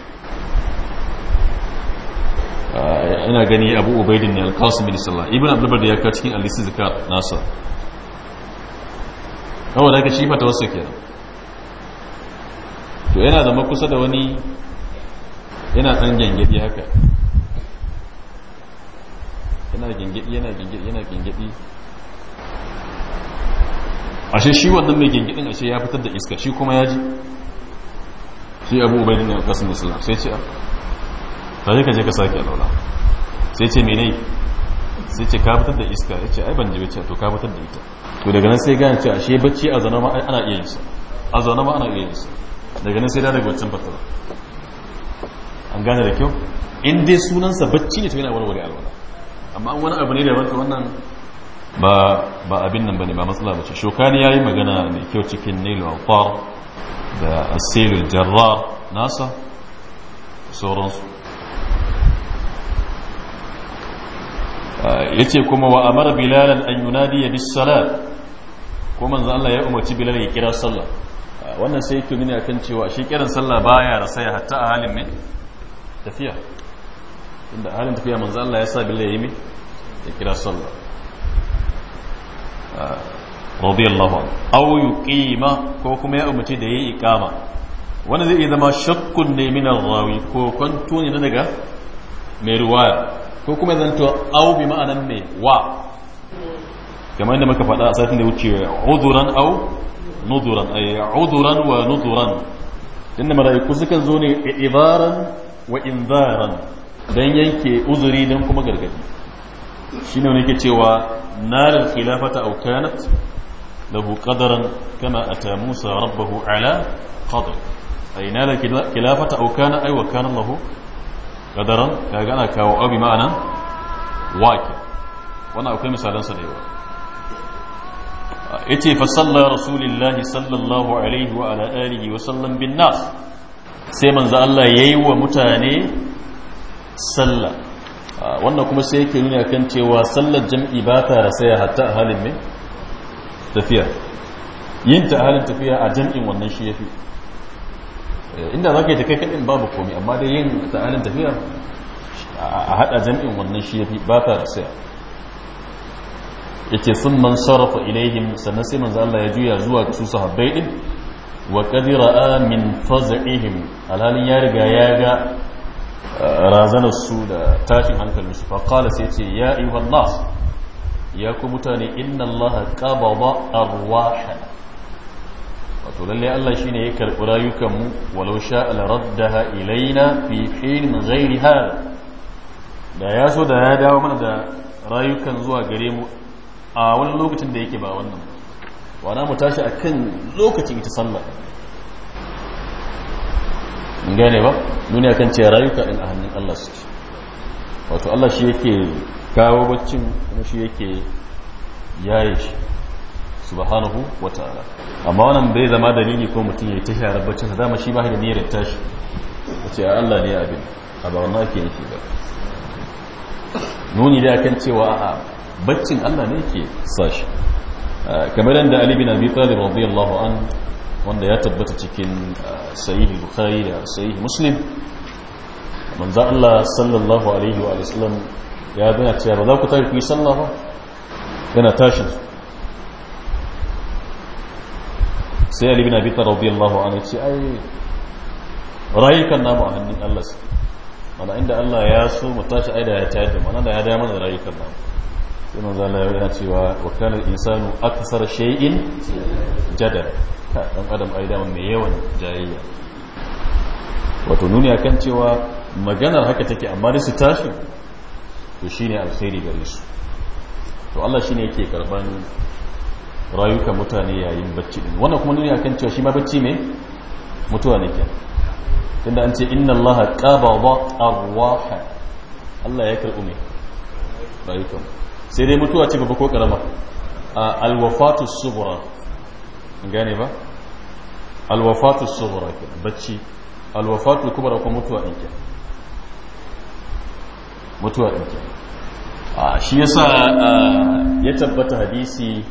ah, ina gani abu ubaidin ne alkasu bin sallah ibn abdulbar da ya kawo cikin alisi zika nasa kawai da ka shi fata wasu kenan to yana zama kusa da wani yana ɗan gyangyaɗi haka yana gingidi yana gingidi yana gingidi ashe shi wannan mai gingidin ashe ya fitar da iska shi kuma ya ji shi abu ubai din kasin islam sai ce ta je ka je ka sake alaula sai ce menai sai ce ka fitar da iska ya ce ai ban ji bacci to ka fitar da ita to daga nan sai gane cewa ashe bacci a zana ma ana iya yin sa a zana ma ana iya yin sa daga nan sai da daga wancan fatara an gane da kyau in dai sunansa bacci ne to yana warware alwala amma wani abu ne da wata wannan ba ba abin nan bane ba matsala bace shokani yayi magana mai kyau cikin nail al da asilul jarrar nasa sauransu ah, yace kuma wa amara bilal an yunadi bis salat ko manzo Allah ya umarci bilal ya kira sallah ah, wannan sai yake nuni akan cewa shi kiran sallah baya rasaya hatta a halin mai tafiya inda halin tafiya manzo Allah ya sa billa yayi mi ya kira sallah ah, radiyallahu anhu aw yuqima ko kuma ya umarci da yayi iqama wani zai iya zama shakkun ne min rawi ko kwanto ne daga mai riwaya ko kuma to aw bi ma'anan me wa kamar inda muka faɗa a satin da wuce uzuran au nuduran ay uzuran wa nuduran inna malaiku sukan zo ne ibaran wa inzaran don yanke uzuri don kuma gargadi shi ne wani cewa narin khilafata au kanat lahu qadaran kama ata musa rabbahu ala qadar ay narin khilafata au kana ay wa kana lahu qadaran kaga ana kawo abi ma'ana waki wannan akwai misalan sa da yawa yace fa sallallahu rasulullahi sallallahu alaihi wa ala alihi wa sallam bin nas sai manzo Allah yayi wa mutane sallah ah, wannan kuma sai yake nuna kan cewa sallar jam'i ba ta rasaya hatta a halin mai tafiya yin ta halin tafiya a jam'in wannan shi ya fi eh, inda za ka yi ta kai kaɗin babu komi amma dai yin ta halin tafiya a haɗa jam'in wannan shi ya fi ba ta rasaya ya ce sun man sarrafa ilaihim sannan sai manzo Allah ya juya zuwa su sahabbai din wa qad ra'a min faz'ihim alhalin ya riga ya ga رازن السودة تاتي عن كلمه فقال سيتي يا أيها الناس يا كمتاني إن الله قبض أرواحنا وتقول لي الله شين يكر ولا يكم ولو شاء لردها إلينا في حين غير هذا لا ياسو ده هذا ومن ده رأيك نزوا قريم أول آه، لوكة ديكي باوانا وانا متاشا أكن لوكة يتصلى gane ba duniya kan ce rayuka in a hannun Allah su ce wato Allah shi yake kawo baccin kuma shi yake yaye shi subhanahu wa ta'ala amma wannan bai zama dalili ko mutum ya tashi a baccin sa dama shi ba da niyyar tashi ce Allah ne abin a ba wannan ke yake ba nuni da kan cewa a baccin Allah ne ke sashi kamar yadda Ali bin Abi Talib radiyallahu anhu wanda ya tabbata cikin ah, sahih bukhari da sahih muslim manzo Allah sallallahu alaihi wa sallam ya gana cewa ba za ku tafi yi sallah ba yana tashi sai Ali bin Abi Talib radiyallahu anhu ce ai rayukan namu a hannun Allah su mana inda Allah ya so mu tashi aida ya tayar da mana da ya dama da rayukan namu sai manzo Allah ya gana cewa wa kana al-insanu akthar shay'in jadala ka dan adam ai da mai yawan jayayya wato nuni akan cewa maganar haka take amma da su tashi to shi ne alkhairi gare su to Allah shi ne yake karban rayuka mutane yayin bacci din wannan kuma nuni akan cewa shi ma bacci ne mutuwa ne ke? tunda an ce inna allaha qabada arwaha Allah ya karbu ne rayukan sai dai mutuwa ce babba ko karama alwafatu subra gane ba alwafatu tsohora ke bacci alwafatu kubra ko mutuwa ɗin ke mutuwa ɗin ke shi yasa ya tabbata hadisi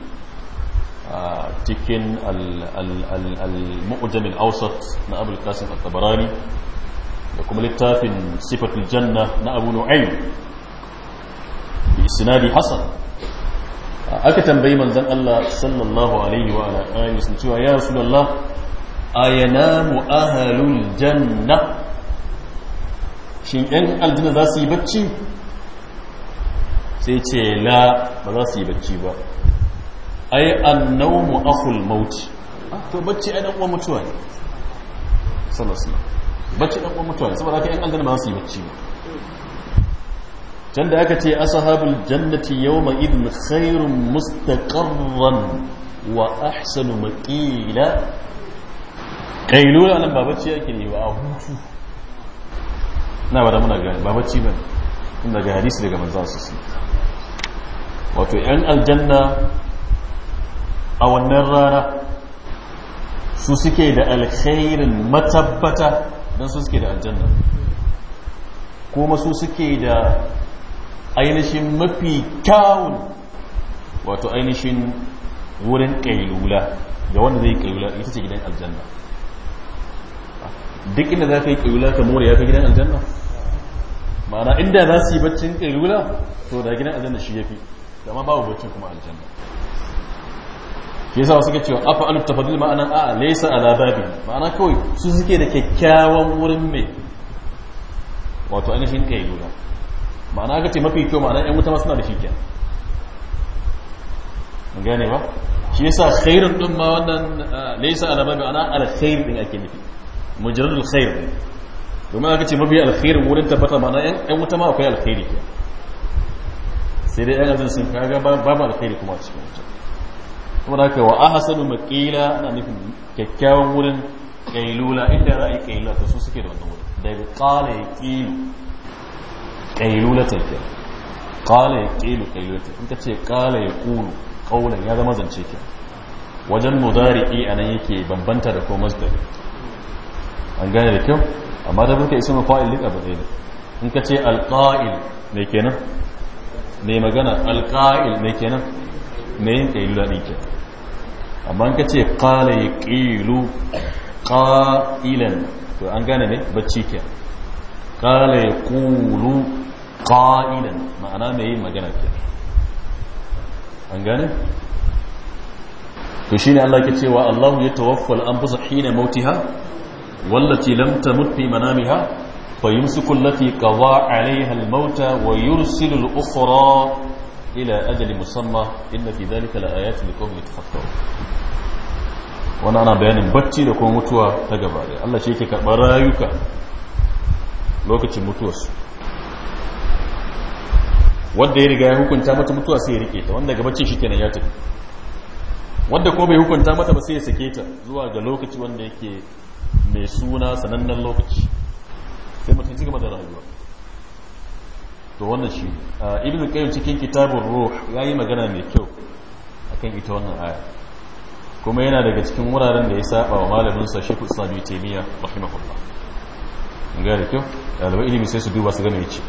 cikin al-mu'jamin ausat na abul qasim al-tabarani da kuma littafin sifatul janna na abu nu'aym bi isnadi hasan aka tambayi manzon Allah sallallahu alaihi wa ala alihi sun cewa ya rasulullah أينام أهل الجنة shin ‘yan aljanna za su yi bacci sai ce la ba za su yi bacci ba ai annaumu akhul mauti to bacci ai uwan mutuwa ne sallallahu bacci dan uwan mutuwa ne saboda haka ‘yan aljanna ba za su yi bacci ba can da aka ce ashabul jannati yawma idin khairun mustaqarran wa ahsanu maqila Ƙailula nan babaci yake ne ba a hutu na ba da muna gani ba ba inda ga hadisi daga manzan su su wato yan aljanna a wannan rana su suke da alkhairin matabbata don su suke da aljanna kuma su suke da ainihin mafi kyawun wato ainihin wurin ƙailula da wanda zai kailula ita ce gidan aljanna duk inda za ka yi ƙirula ka more ya fi gidan aljanna ma'ana inda za su yi baccin ƙirula to da gidan aljanna shi ya fi kama babu baccin kuma aljanna shi yasa wasu cewa afa alif tafadil ma'ana a laysa ala babi ma'ana kawai su suke da kyakkyawan wurin mai wato ainihin ƙirula ma'ana aka ce mafi kyau ma'ana yan wuta ma suna da shi kenan gane ba shi yasa khairun din ma wannan laysa ala babi ana alkhair din ake nufi mujarrad alkhair ne domin aka ce mabiya alkhairi wurin tabbata mana yan wuta ma akwai alkhairi ke sai dai yan azin sun kaga babu alkhairi kuma a cikin wuta kuma da wa ahsanu maqila ana nufin kyakkyawan wurin kailula inda ra'ayi kailula to su suke da wannan wurin daga qala yaqilu kailula ta ke qala yaqilu kailula ta in ka ce qala yaqulu qawlan ya zama zance ke wajen mudari'i anan yake bambanta da ko masdari an gane da kyau amma da muka isa mafa'il din abu ne in ka ce alƙa'il ne kenan ne magana alƙa'il ne kenan ne yin ƙailula ɗin ke amma in ka ce ƙala ya ƙilu ƙa'ilan to an gane ne bacci ke ƙala ya ƙulu ƙa'ilan ma'ana mai yin magana ke an gane to shine Allah ke cewa Allah ya tawaffal anfusa hina mautiha wallati lam tamut fi manamiha fa yumsiku allati qada alaiha al wa yursilu al-ukhra ila ajali musamma inna fi dhalika laayatin liqaumin yatafakkarun wannan ana bayanin bacci da kuma mutuwa ta gaba da Allah shi yake karɓar rayuka lokacin mutuwarsu wanda ya riga ya hukunta mata mutuwa sai ya rike ta wanda gaba ce shi kenan ya tafi wanda ko bai hukunta mata ba sai ya sake ta zuwa ga lokaci wanda yake mai suna sanannen lokaci sai mutum ci gaba da rayuwa to wannan shi ibn qayyim cikin kitabun ruh yayi magana mai kyau akan ita wannan aya kuma yana daga cikin wuraren da ya saba wa malamin sa Sheikh Usman bin Taymiyyah rahimahullah ga da kyau dalibai ilimi sai su duba su ga me yace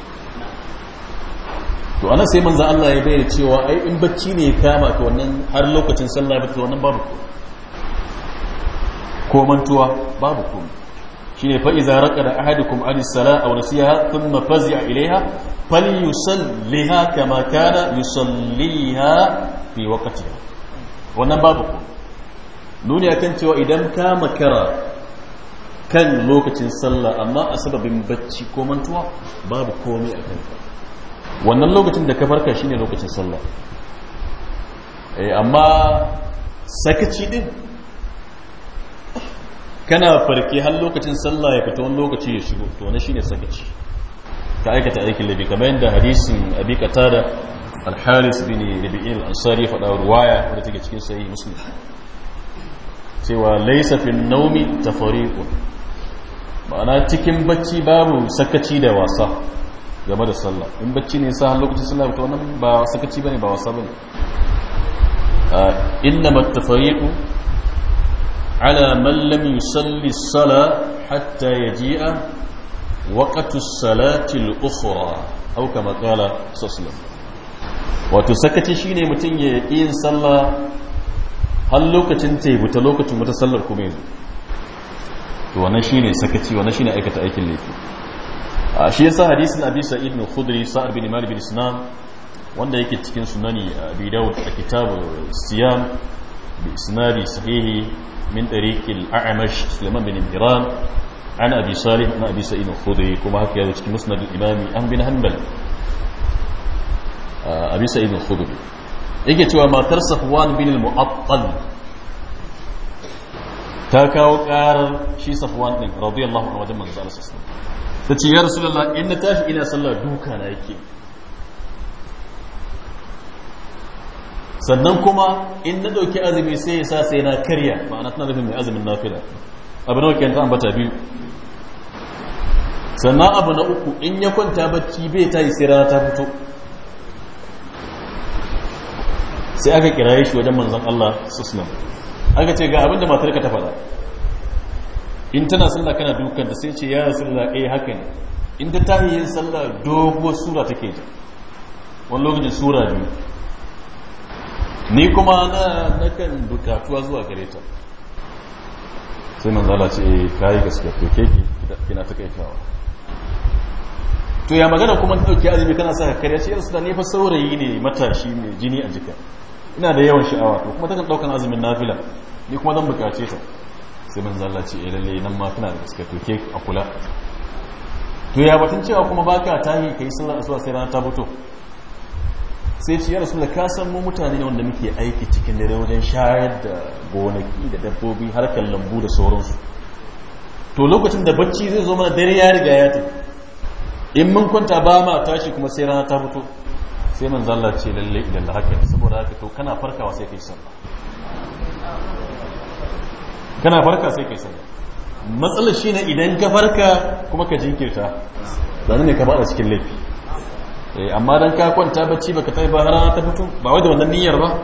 to anan sai manzo Allah ya bayyana cewa ai in bacci ne ya kama ka wannan har lokacin sallah ba to wannan babu ko mantuwa babu komai shine fa idza raqada ahadukum an as-salah aw nasiha thumma fazi'a ilayha falyusalliha kama kana yusalliha fi wakati. wannan babu komai nuni akan cewa idan ka makara kan lokacin sallah amma a sababin bacci ko mantuwa babu komai a kanka wannan lokacin da ka farka shine lokacin sallah eh, amma sakaci din kana farke har lokacin sallah ya fita wani lokaci ya shigo to wani shine sakaci ka aikata aikin labi kamar yadda hadisin abi qatada al halis bin rabi'i al-ansari ya faɗa ruwaya wadda take cikin sahih muslim cewa laysa fi an-nawmi tafariqun ma'ana cikin bacci babu sakaci da wasa game da sallah in bacci ne sa har lokacin sallah to wannan ba sakaci bane ba wasa bane ah, inna at-tafariqu على من لم يصلي الصلاة حتى يجيء وقت الصلاة الأخرى أو كما قال صلى الله عليه وسلم وتسكت شيني متين يقين صلى هل lokacin wata تلوكتين kuma كمين to wannan shine sakaci wannan shine aikata aikin laifi a shi yasa hadisin abi sa'id bin khudri sa'ad bin malik bin sinan wanda yake cikin sunani abi dawud a kitabu siyam بإسناد صحيح من طريق الأعمش سليمان بن الدرام عن أبي صالح عن أبي سعيد الخدري كما هكذا في مسند الإمام أم بن هنبل آه، أبي سعيد الخدري إيجا توا ما صفوان بن المؤطل تاكاو كار شي صفوان رضي الله عنه وجمع الزالة تتي يا رسول الله إن تاش إلى صلى دوكا نايكي sannan kuma in na ɗauki azumi sai ya sa sai na karya ma'ana tana nufin mai azumin na nafila abu na wakilta ambata biyu sannan abu na uku in ya kwanta bacci bai ta sai rana ta fito sai aka kiraye shi wajen manzan Allah suslam aka ce ga abinda ka ta faɗa in tana sallah kana dukanta sai ce ya sallah eh haka ne in ta tahi yin sallah doguwar sura take ji wani lokacin sura biyu ni kuma na nakan bukatuwa zuwa gare ta sai manzo Allah ce eh, kai gaskiya to ke ki kina kawa. to ya magana kuma ta dauki azumi kana sa kariya sai rasulullah ne fa saurayi ne matashi mai jini a jika ina da yawan sha'awa to kuma takan daukan azumin nafila ni kuma zan bukace ta sai Manzala ce eh lalle nan ma kana da gaske to keke a kula to ya batun cewa kuma baka tahi kai sallar asuwa sai rana ta buto. sai ce ya rasu da kasan mu mutane wanda muke aiki cikin dare wajen shayar da gonaki da dabbobi harkar lambu da sauransu to lokacin da bacci zai zo mana dare ya riga ya ta, in mun kwanta ba ma tashi kuma sai rana ta fito sai man zalla ce lalle idan da haka saboda haka to kana farkawa sai kai sallah kana farka sai kai sallah matsalar shine idan ka farka kuma ka jinkirta zan ne ka bada cikin laifi Eh, amma dan ka kwanta bacci baka tafi ba rana ta fito ba wai da wannan niyyar ba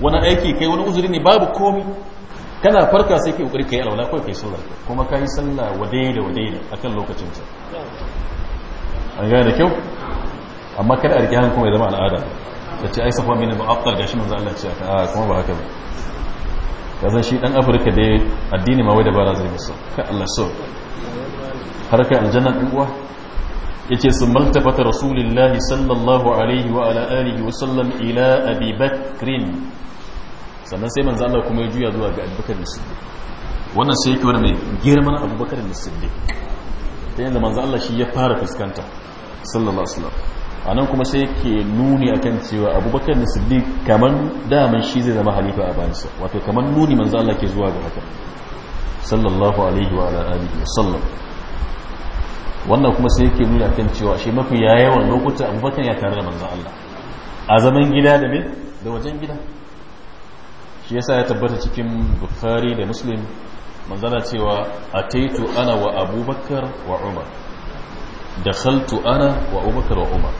wani aiki kai wani uzuri ne babu komi kana farka sai kai kokari kai alwala kai kai sallar kuma kai sallah wadai da wadai akan lokacin ta an ga da kyau amma kada a rike hankali kuma ya zama al'ada da ce ai safa mini mu'attal gashi manzo Allah ce a ah, kuma ba haka ba kazan shi dan afirka dai addini ma wai da ba razai musu kai Allah so har kai aljanna din uwa yace sun maltafata rasulullahi sallallahu alaihi wa ala alihi wa sallam ila abi bakrin sannan sai manzo Allah kuma ya juya zuwa ga abubakar as-siddiq wannan sai yake wani mai girman abubakar as-siddiq ta yanda manzo Allah shi ya fara fuskanta sallallahu alaihi wasallam anan kuma sai yake nuni akan cewa abubakar as-siddiq kaman daman shi zai zama halifa a bayansa wato kamar nuni manzo Allah ke zuwa ga haka sallallahu alaihi wa ala alihi wa sallam wannan kuma sai yake nuna kan cewa shi mafi ya yawan lokuta abubakar ya tare da manzon Allah a zaman gida da me da wajen gida shi yasa ya tabbata cikin bukhari da muslim manzana cewa ataitu ana wa abubakar wa umar dakhaltu ana wa abubakar wa umar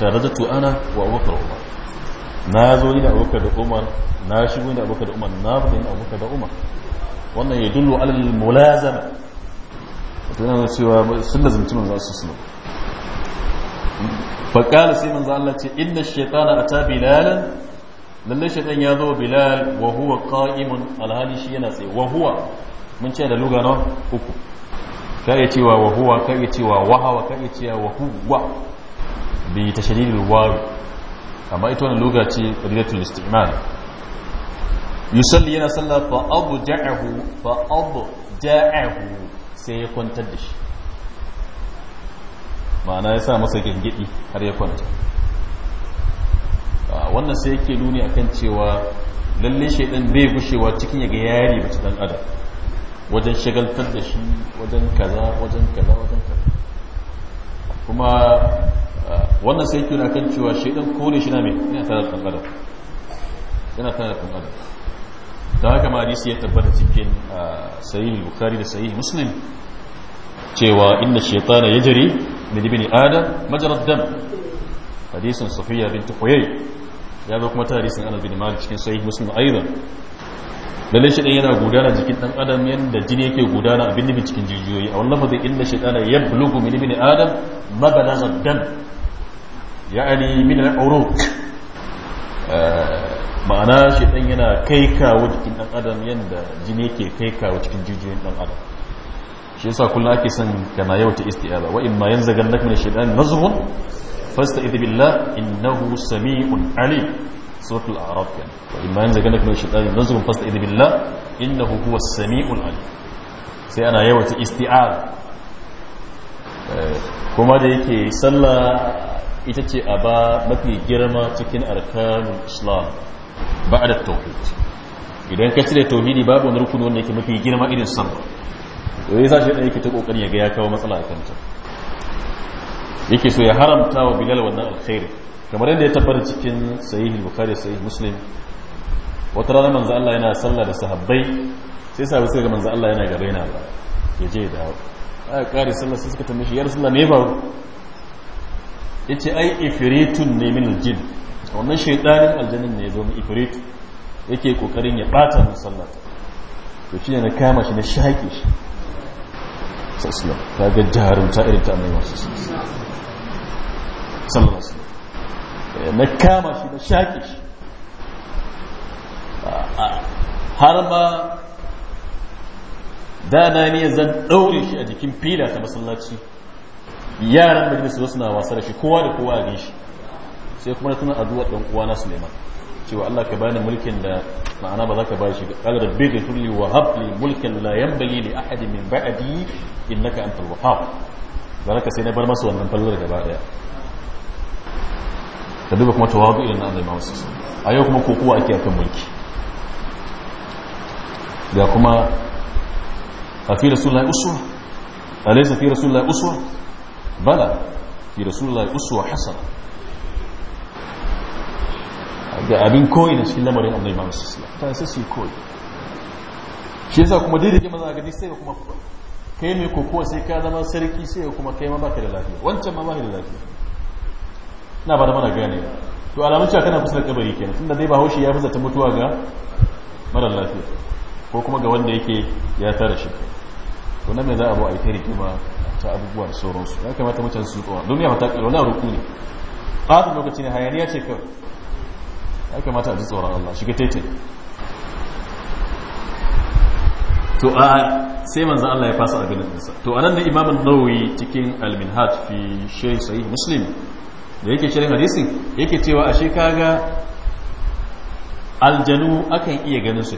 kharajtu ana wa abubakar wa umar na zo ni da abubakar da umar na shigo ni da abubakar da umar na fita ni abubakar da umar wannan ya dullu alal mulazama ta yana cewa sun lazimci manzo su suna faƙala sai manzo Allah ce inna shaitana ata bilalan lalle shaitan ya zo bilal wa huwa qa'imun alhali shi yana tsaye wa huwa mun ce da luga uku ka iya cewa wa huwa ka iya cewa wa hawa ka iya cewa wa huwa bi tashdidil waw amma ita wannan luga ce qadidatul istimal yusalli yana salla fa abu ja'ahu fa abu ja'ahu sai ya kwantar da shi ma'ana ya sa masa gangiɗi har ya kwanta ah, wannan sai yake nuni akan cewa lalle shaidan bai gushewa cikin yaga yari ba cikin adam wajen shagaltar da shi wajen kaza wajen kaza wajen kaza kuma ah, wannan sai yake nuni akan cewa shaidan kone shi na mai yana tare da ɗan adam yana tare da adam da haka hadisi ya tabbata cikin ah, sahih bukhari da sahih muslim cewa inda inna shaytana yajri min ibni adam majrad dam hadisin safiya binta huyay ya zo kuma ta hadisin anas bin malik cikin sahih muslim aidan lalle shi dan yana gudana jikin ɗan adam yanda jini yake gudana abin da cikin jijiyoyi a wannan fadin inna shaytana yablugu min ibni adam mabalagha dam yani min al ma'ana shi shaitan yana kai kawo cikin dan adam yadda jini ke kai kawo cikin jijiyoyin dan adam shi yasa kullum ake son kana yau ta isti'aza wa in ma yanzagannak min shaitan nazghun fasta'id billah innahu sami'un alim suratul a'raf kan wa in ma yanzagannak min shaitan nazghun fasta'id billah innahu huwas sami'un alim sai ana yau ta isti'aza eh, kuma da yake sallah ita ce a ba mafi girma cikin arkanul islam da tauhid idan ka cire tauhidi babu wani rukuni wanda yake mafi girma irin sama to yasa shi da yake ta kokarin ya ga ya kawo matsala a kanta yake so ya haramta wa bilal wannan alkhairi kamar yadda ya tabbata cikin sahih bukhari sahih muslim wata rana manzo Allah yana sallah da sahabbai sai sahabbai suka ga manzo Allah yana gaba yana ba ya je dawo aka kare sallah sai suka tambaye shi ya rasulullah ne ba yace ai ifritun ne min aljin wannan shaidanin aljanin ne ya zo ifrit yake kokarin ya bata min to shi ne na kama shi na shaƙe shi sassalam ta ga jarumta irin ta annai masu sallah na kama shi na shaƙe shi har ma dana ne zan ɗaure shi a jikin fila ta masallaci yaran majalisar wasu na wasa da shi kowa da kowa a shi sai kuma na tuna addu'a ɗan uwana Suleiman cewa Allah ka bani mulkin da ma'ana ba za ka bashi ga qala rabbi ghfirli wa hab li mulkan la yanbaghi li ahadin min ba'di innaka antal wahhab baraka sai na bar masa wannan fallar gaba daya ka duba kuma tawadu irin annabi Muhammad a yau kuma kokowa ake akan mulki ga kuma a fi rasulullahi uswa alaysa fi rasulullahi uswa bala fi rasulullahi uswa hasana da abin koyi da cikin lamarin annabi ba sallallahu sila ta ta sai koyi shi yasa kuma daidai kuma zaka gani sai kuma kai mai kokowa sai ka zama sarki sai kuma kai ma baka da lafiya wancan ma baka da lafiya ina ba da mana gane to alamun cewa kana kusa da kabari kenan tunda dai ba haushi ya ta mutuwa ga mara lafiya ko kuma ga wanda yake ya tara shi to nan ne za a bu a yi ta rigima ta abubuwa da sauransu ya kamata mutane su tsowa duniya ba ta karo wani ruku ne ɓata lokaci ne hayaniya ce kawai ya kamata a ji tsoron Allah shiga taitai to a sai manzan Allah ya fasa abin nasa to anan da Imam nauyi nawawi cikin al-Minhaj fi Shay Sahih Muslim da yake cikin hadisin yake cewa a Shekaga, aljanu akan iya ganin su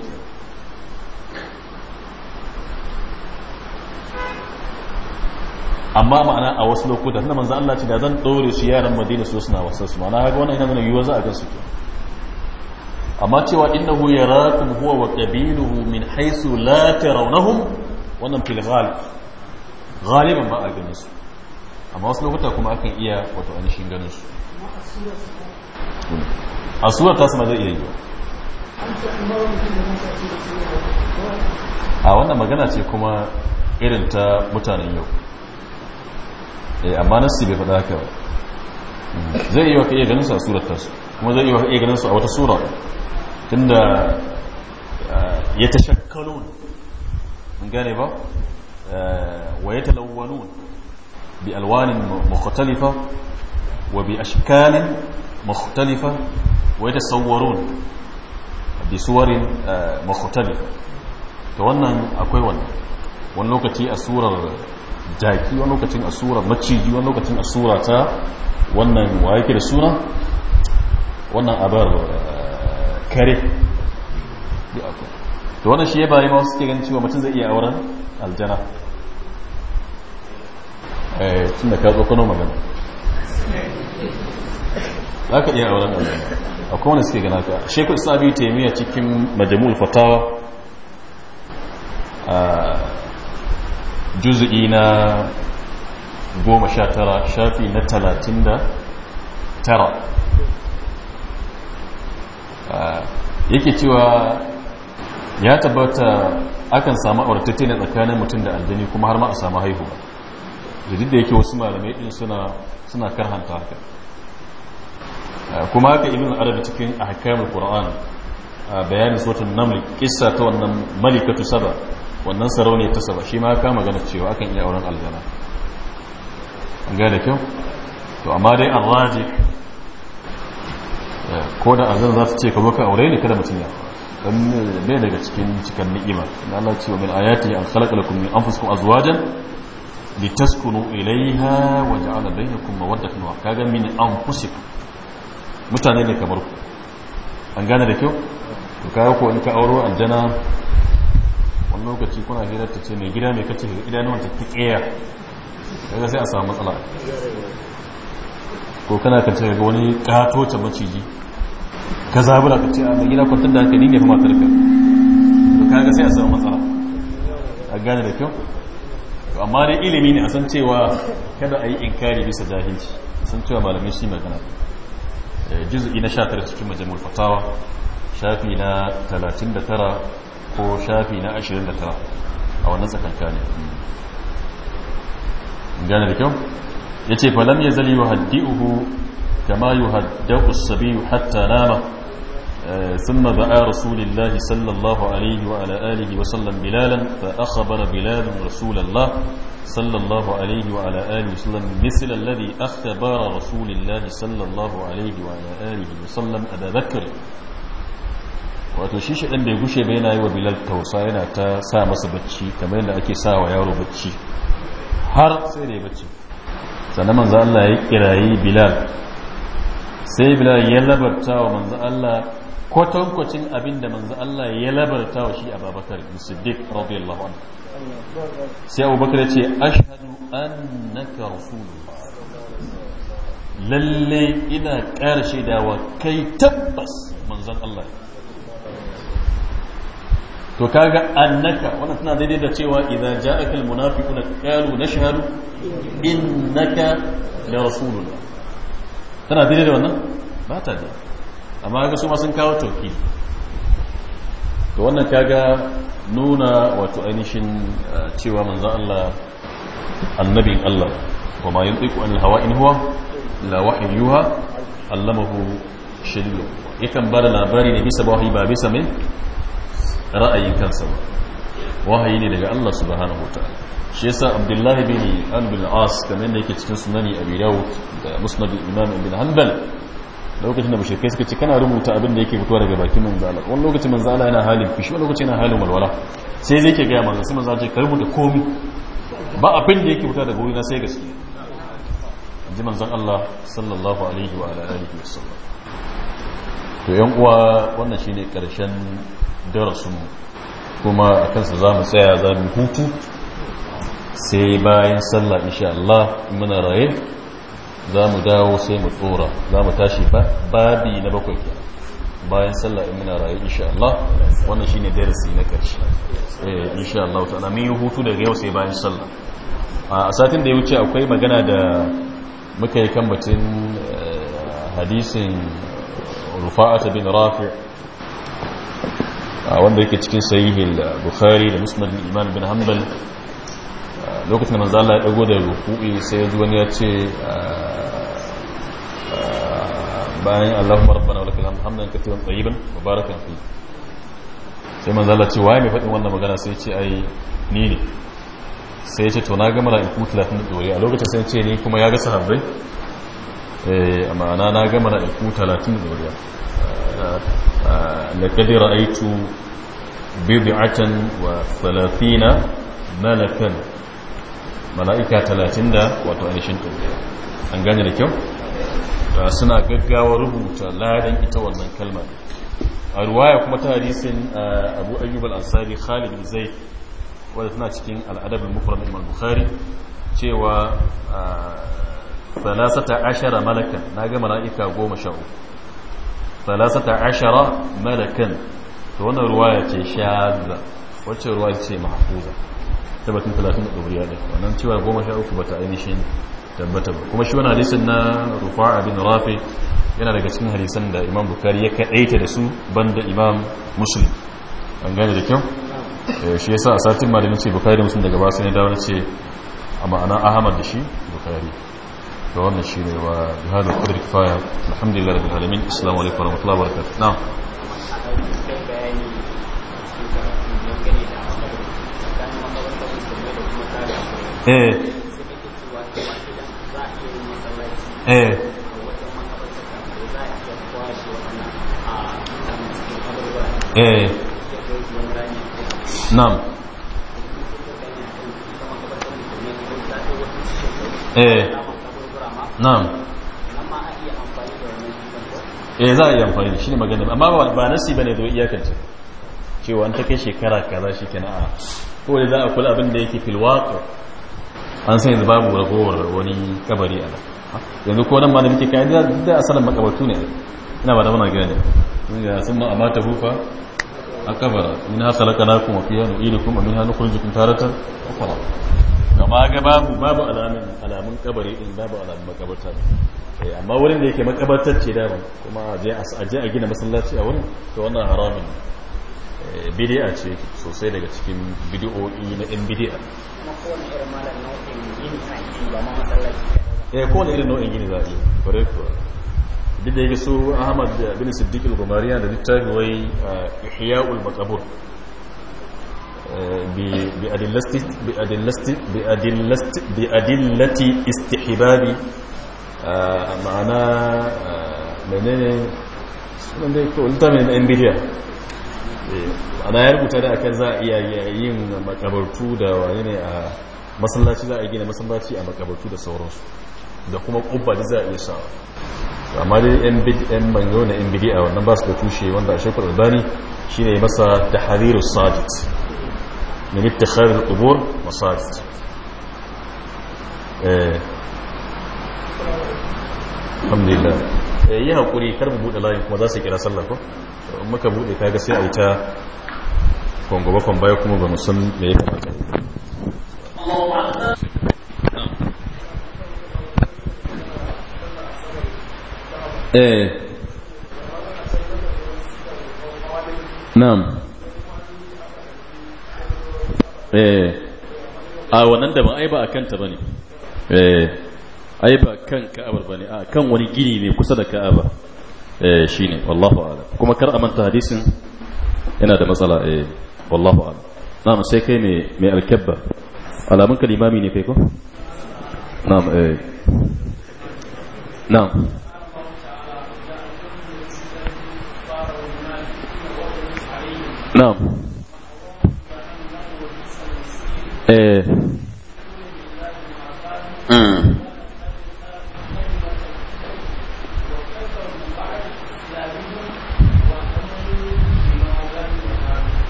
amma ma'ana a wasu lokuta tunda manzan Allah ce da zan ɗaure su yaran Madina su suna wasu su ma'ana haka wannan yana nuna yiwuwa za a gan su ke. amma cewa innahu yarakum huwa wa qabiluhu min haythu la tarawnahum wannan fil ghalib ghaliban ba a gani su amma wasu lokuta kuma akan iya wato anishin ganin su a sura ta sama zai iya yi a wannan magana ce kuma irin ta mutanen yau eh amma na sibe faɗa haka zai iya wa ka ganin su a surar tasu kuma zai iya wa ka ganin su a wata sura tunda eh, ya tashakkalun mun gane ba eh, wa ya talawwanun bi alwanin mukhtalifa wa bi ashkalin mukhtalifa wa ya tasawwarun bi suwarin eh, mukhtalifa Ta wannan akwai wannan wani lokaci a surar jaki wani lokacin a surar maciji wani lokacin a surata wannan wa yake da sura wannan abar kare da wannan shi ya bayi ma suke ganin cewa mutum zai iya auren aljana eh, tun da ka tsokano magana za ka iya auren aljana a kowane suke gana ka shekul sabi taimiyya cikin majamul fatawa a juzu'i na goma sha tara shafi na talatin da tara yake cewa ya tabbata akan samu auratattai na tsakanin mutum da aljani kuma har ma a samu haihuwa da duk da yake wasu malamai din suna suna karhanta haka kuma haka ibn arabi cikin ahkamul qur'an bayanin sautin namli kissa ta wannan malikatu saba wannan sarauniya ta saba shi ma ka magana cewa akan iya auren aljana an ga kyau to amma dai an rajih ko da azan za su ce ka zo ka aure ne kada mutum ya dan ne daga cikin cikan ni'ima na Allah ce wa min ayati an khalaqa lakum min anfusikum azwajan litaskunu ilayha wa ja'ala bainakum mawaddatan wa kaga min anfusikum mutane ne kamar ku an gane da kyau to kaga ko in ka auro aljana wani lokaci kuna hira ta ce mai gida mai kace wanda ta tikiya kaga sai a samu matsala ko kana kace ga wani kato ta maciji ka zabura ka ce a mai gida kwantar da hankali ne matar tarka da kaga sai a samu matsala a gane da kyau amma dai ilimi ne a san cewa kada a yi inkari bisa jahilci a san cewa malamai shi magana eh, juzu'i na 19 cikin majamul fatawa shafi na 39 ko shafi na 29 a wannan ne gane da kyau ya ce falam ya zali wa haddi'uhu كما يهدأ السبي حتى نام ثم دعا رسول الله صلى الله عليه وعلى آله وسلم بلالا فأخبر بلال رسول الله صلى الله عليه وعلى آله وسلم مثل الذي أخبر رسول الله صلى الله عليه وعلى آله وسلم أبا بكر wato shi shi ɗan bai gushe bai yana yi wa bilal tausa yana ta sa masa bacci kamar yadda ake sa wa yaro bacci har sai da ya bacci sannan manzo Allah ya kirayi bilal sai bilal ya labarta wa manzo Allah kwatankwacin abin da manzo Allah ya labarta wa shi ababakar siddiq radiyallahu anhu sai abubakar ya ce ashhadu annaka rasulullah lalle ina ƙara shaida wa kai tabbas manzon Allah to kaga annaka wannan tana daidai da cewa idza ja'aka na qalu nashhadu innaka la rasulullah tana daidai da wannan ba ta da amma ga su ma sun kawo toki to wannan kaga nuna wato ainihin eh, cewa manzo Allah annabin Allah wa ma yantiqu anil hawa in huwa la wahyuha allamahu shadid yakan bada labari ne bisa wahayi ba bisa mai ra'ayin kansa ba wahayi ne daga Allah subhanahu ta'ala shi yasa Abdullah bin abdul bin As kamar da yake cikin sunani Abi Dawud da Musnad Imam Ibn Hanbal lokacin da kai suka ce kana rubuta abin da yake fitowa daga bakin manzo Allah wani lokacin manzo Allah yana halin fishi wani lokacin yana halin walwala sai zai ke ga manzo sai manzo ce karbu da komi ba abin da yake fitowa daga wurina sai gaske ji manzon Allah sallallahu alaihi wa alihi wasallam to yan uwa wannan shine karshen darasin mu kuma a kansa za mu tsaya za mu hutu sai bayan sallah insha Allah muna raye za mu dawo sai mu tsora za mu tashi ba babi na bakwai bayan sallah in muna raye insha Allah wannan shine darasi na karshe eh insha Allah ta mun yi hutu daga yau sai bayan sallah a satin da ya wuce akwai magana da muka yi kan batun eh, hadisin rufa'a bin rafi' wanda yake cikin sahihul bukhari da musnad al-imam bin hanbal lokacin da manzo Allah ya dago da ruku'i sai ya ji wani ya ce bayan Allahumma rabbana wa lakal hamdu hamdan katiran tayyiban mubarakan fi sai manzo Allah ce waye mai faɗin wannan magana sai ya ce ai ni ne sai ya ce to na ga mala'iku 30 da dore a lokacin sai ya ce ni kuma ya ga sahabbai eh amma na na ga mala'iku 30 da dore لقد رأيت بضعة وثلاثين ملكا mala'ika talatin da wato ainihin tambaya an gane da kyau da suna gaggawar rubuta ladan ita wannan kalma. a ruwaya kuma ta hadisin abu ayyub al-ansari khalid bin zaid wadda tana cikin al'adab al-mufrad imam bukhari cewa salasata ashara malakan na ga mala'ika goma sha uku salasata ashara malakan to wannan ruwaya ce shadda wacce ruwaya ce mahfuza tabbatin 30 da dubriya da wannan cewa 13 bata ainihin tabbata ba kuma shi wannan hadisin na rufa'a bin rafi yana daga cikin hadisan da imam bukari ya kaɗaita da su banda imam muslim an gane da kyau eh, shi yasa a satin malamin ce bukari muslim daga basu ne dawo ce a ma'ana ahmad da shi bukari روان نشيله وبهذا القدر كفاية الحمد لله رب العالمين السلام عليكم ورحمة الله وبركاته نعم ايه ايه ايه نعم ايه na'am eh za a yi amfani da shi ne magana amma ba nasi zo iyakance cewa an ta kai shekara kaza shi kenan a ko za a kula abin da yake filwaƙo an yanzu babu ragowar wani kabari a yanzu ko nan ma da muke kayan da asalin makabartu ne ina ba da gane ya sun ma amata hufa a kabara min kuma fiye da ilikun amin hannun kama ga babu babu alamun alamun kabari din babu alamun makabarta eh, amma wurin da yake makabartar ce da kuma a je a gina masallaci a wurin to wannan haramun eh, bidi'a ce sosai daga cikin bidi'o'i na yan bidi'a eh kowane irin nau'in gini za a yi kwarai yake su ahmad bin siddiq al-gumariya da Littafi wai eh, ihya'ul maqabur bi'adillati istihibabi ah, ma'ana ah, menene sunan dai ko littafin ɗan eh, ana ya rubuta da aka za a iya yin makabartu da wani ne a masallaci za a gina masallaci a makabartu da sauransu da kuma kubba da za a iya sa amma dai yan bango na yan wannan ba su da tushe wanda a shekwar albani shine masa hariru sadit من اتخاذ القبور مصارف آه. الحمد لله آه، يا هكوري كرب بود الله يكما ذا سيكرا صلى مكا بود يكاك سي ايتا كونغو بكم بايكم بمسلم ليكا آه. نعم Eh. a wannan daban ai ba a kanta ba ne eh. ai ba kan ka'abar ba ne a kan wani gini ne kusa da ka'aba eh, shi ne wallahu ala kuma kar a manta hadisin yana da matsala wallahu ala na'am sai kai mai alkebba alamun kalimami ne kai ko na'am eh na'am na'am É. Hum.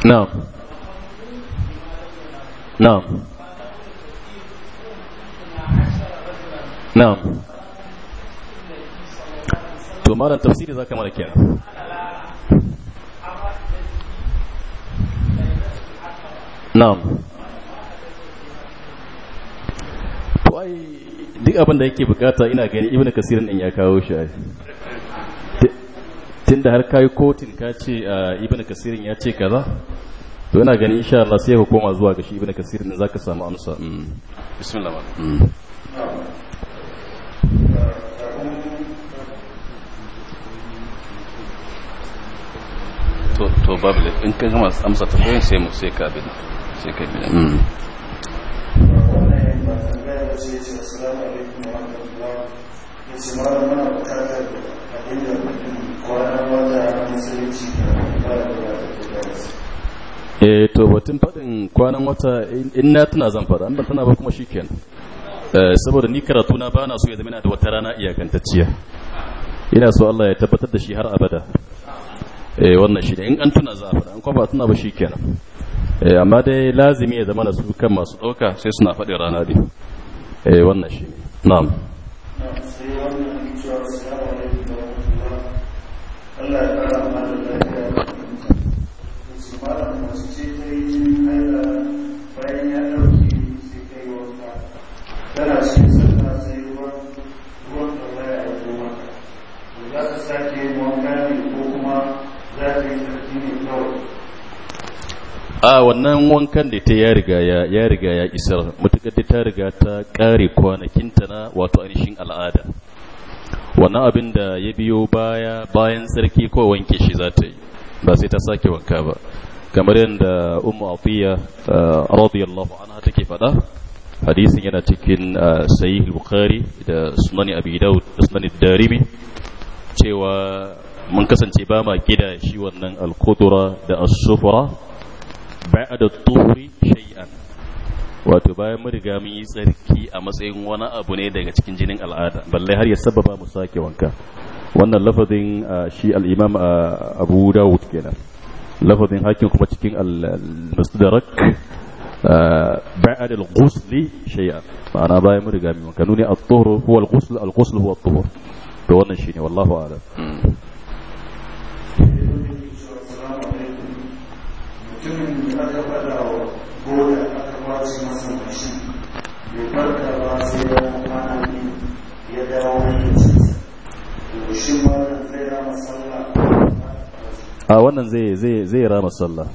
Não. Não. Não. Tomara torcida da câmera aqui. Não. wallahi duk abin da yake bukata ina gani ibn kasirin din ya kawo shi ai tunda har kai kotin ka ce ah, ibn kasirin ya ce kaza to ina gani insha Allah sai ka koma zuwa ga shi ibn kasirin din zaka samu amsa mm. bismillah mm. to to babu in kai gama amsa ta koyin sai mu sai ka bi sai ka bi Eh, to batun faɗin kwanan wata in na tuna zan faɗa an tana ba kuma shikenan eh, saboda ni karatu na bana so ya zama da wata rana iyakantacciya ina so Allah ya tabbatar da shi har abada eh wannan shi ne in an tuna za a faɗa an kuma ba tuna ba shikenan amma dai lazimi ya zama su kan masu ɗauka sai suna faɗi rana ne wannan shi na'am Thank you. a wannan wankan da ta ya riga ya ya riga ya isar mutuka da ta riga ta kare kwanakinta na wato ainihin al'ada wannan abin da ya biyo baya bayan sarki ko wanke shi za ta yi ba sai ta sake wanka ba kamar yadda umu afiya eh, radiyallahu anha take faɗa hadisin yana cikin eh, sahih bukhari da sunan abi daud da sunan darimi cewa mun kasance ba ma gida shi wannan al da as ba'da tuhuri shay'an wato bayan mun riga mun yi tsarki a matsayin wani abu ne daga cikin jinin al'ada balle har ya sababa mu sake wanka wannan lafazin shi al-imam Abu Dawud kenan lafazin hakin kuma cikin al-mustadrak ba'da al-ghusl shay'an ma'ana bayan mun riga mun wanka nuni at-tuhur huwa al-ghusl al-ghusl huwa at-tuhur to wannan shine wallahu a'lam hmm. mutumin na aka faɗa wa bola aka kwace masa mashi bai farka ba sai ya kwana ne ya dawo hayyacinsa to shi wannan zai rama sallah a wannan zai rama sallah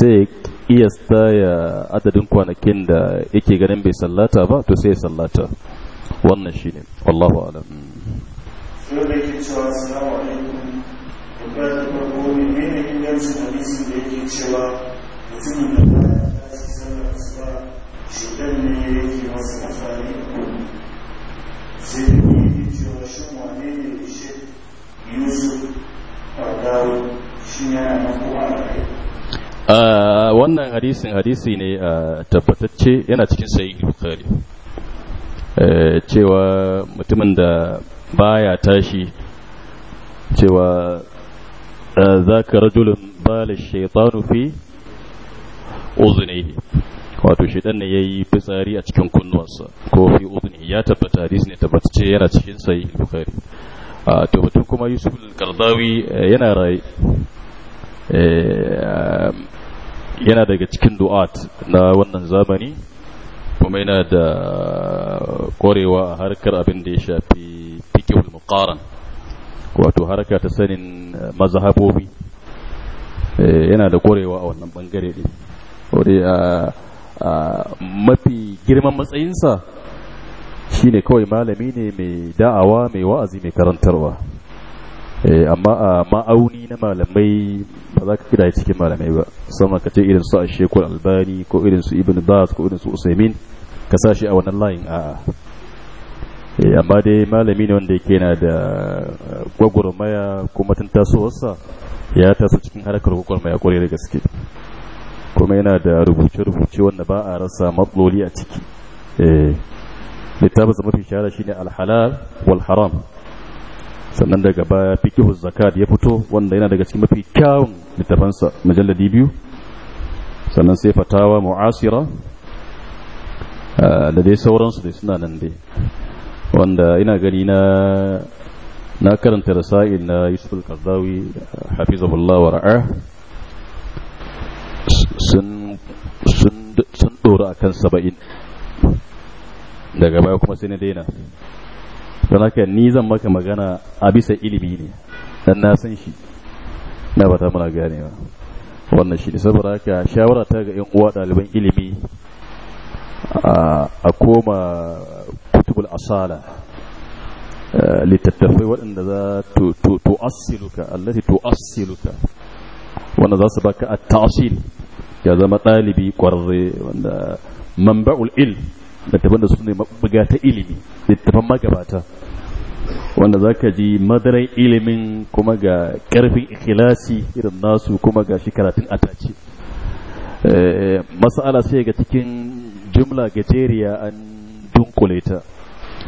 sai iya tsaya adadin kwanakin da yake ganin bai sallata ba to sai sallata wannan shine wallahu alam sai da yake cewa assalamu alaikum tambaya ah, hadisin da ne a wannan hadisin hadisi ne ah, tabbatacce yana cikin sai bukari eh, cewa mutumin da baya tashi cewa ذاك رجل بال الشيطان في أذنه wato shaidan ne yayi fitsari a cikin kunnuwansa ko fi udni ya tabbata hadis ne tabbatacce yana cikin sahih bukhari to mutum kuma yusuf al-qardawi yana rai yana daga cikin du'at na wannan zamani kuma yana da korewa a harkar abin da ya shafi fikihul muqaran wato harka ta sanin eh, mazhabobi eh, yana da korewa a wannan bangare din wadda a mafi girman matsayinsa shine kawai malami ne mai da'awa mai wa'azi mai karantarwa eh, amma a ma'auni na malamai ba za ka kira cikin malamai ba sama ka ce irin su a shekul albani ko irin su ibn bas ko irin su usaimin ka sa shi a wannan layin a'a Eh, amma dai malami ne wanda yake na da eh, gwagwarmaya kuma tun tasowarsa ya taso cikin harkar gwagwarmaya kwarai da gaske kuma yana da rubuce-rubuce wanda ba a rasa matsoli a ciki eh, littafinsa mafi shahara shine alhalal wal haram sannan daga baya fikihu zakat ya fito wanda yana daga cikin mafi kyawun littafansa mujalladi biyu sannan sai fatawa mu'asira da dai sauransu dai suna nan dai wanda ina gani na na karanta rasa'il na Yusuf al-Qardawi hafizahullah wa ra'ah sun sun sun dora akan 70 daga baya kuma sai na daina don haka ni zan maka magana a bisa ilimi ne dan na san shi na bata muna ba wannan shi ne saboda haka shawara ta ga yan uwa ɗaliban ilimi a koma makatubul asala littattafai waɗanda za tu'assiluka allati tu'assiluka wanda za su baka a ta'asil ya zama ɗalibi ƙwararre wanda manba'ul il littafan da su ne ta ilimi littafan magabata wanda za ka ji madarai ilimin kuma ga ƙarfin ikilasi irin nasu kuma ga shi karatun atace masala sai ga cikin jumla gajeriya an dunkule ta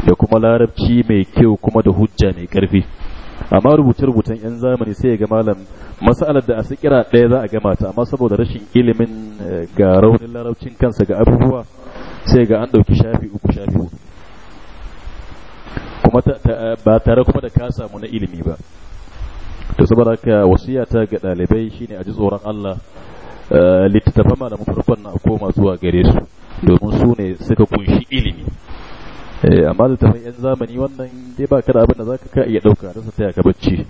da kuma larabci mai kyau kuma da hujja mai karfi amma rubuce rubutan 'yan zamani sai ga malam masalar da a kira ɗaya za a gama ta amma saboda rashin ilimin eh, ga raunin larabcin kansa ga abubuwa sai ga an ɗauki shafi uku shafi hudu kuma ba tare kuma da ka samu na ilimi ba to saboda wasu wasiyata ga ɗalibai shine a ji tsoron Allah eh, littattafan malamin farkon na koma zuwa gare su domin su ne suka kunshi ilimi Eh, amma da tafin yan zamani wannan dai ba ka da abin da za ka iya ɗauka rasa taya ka bacci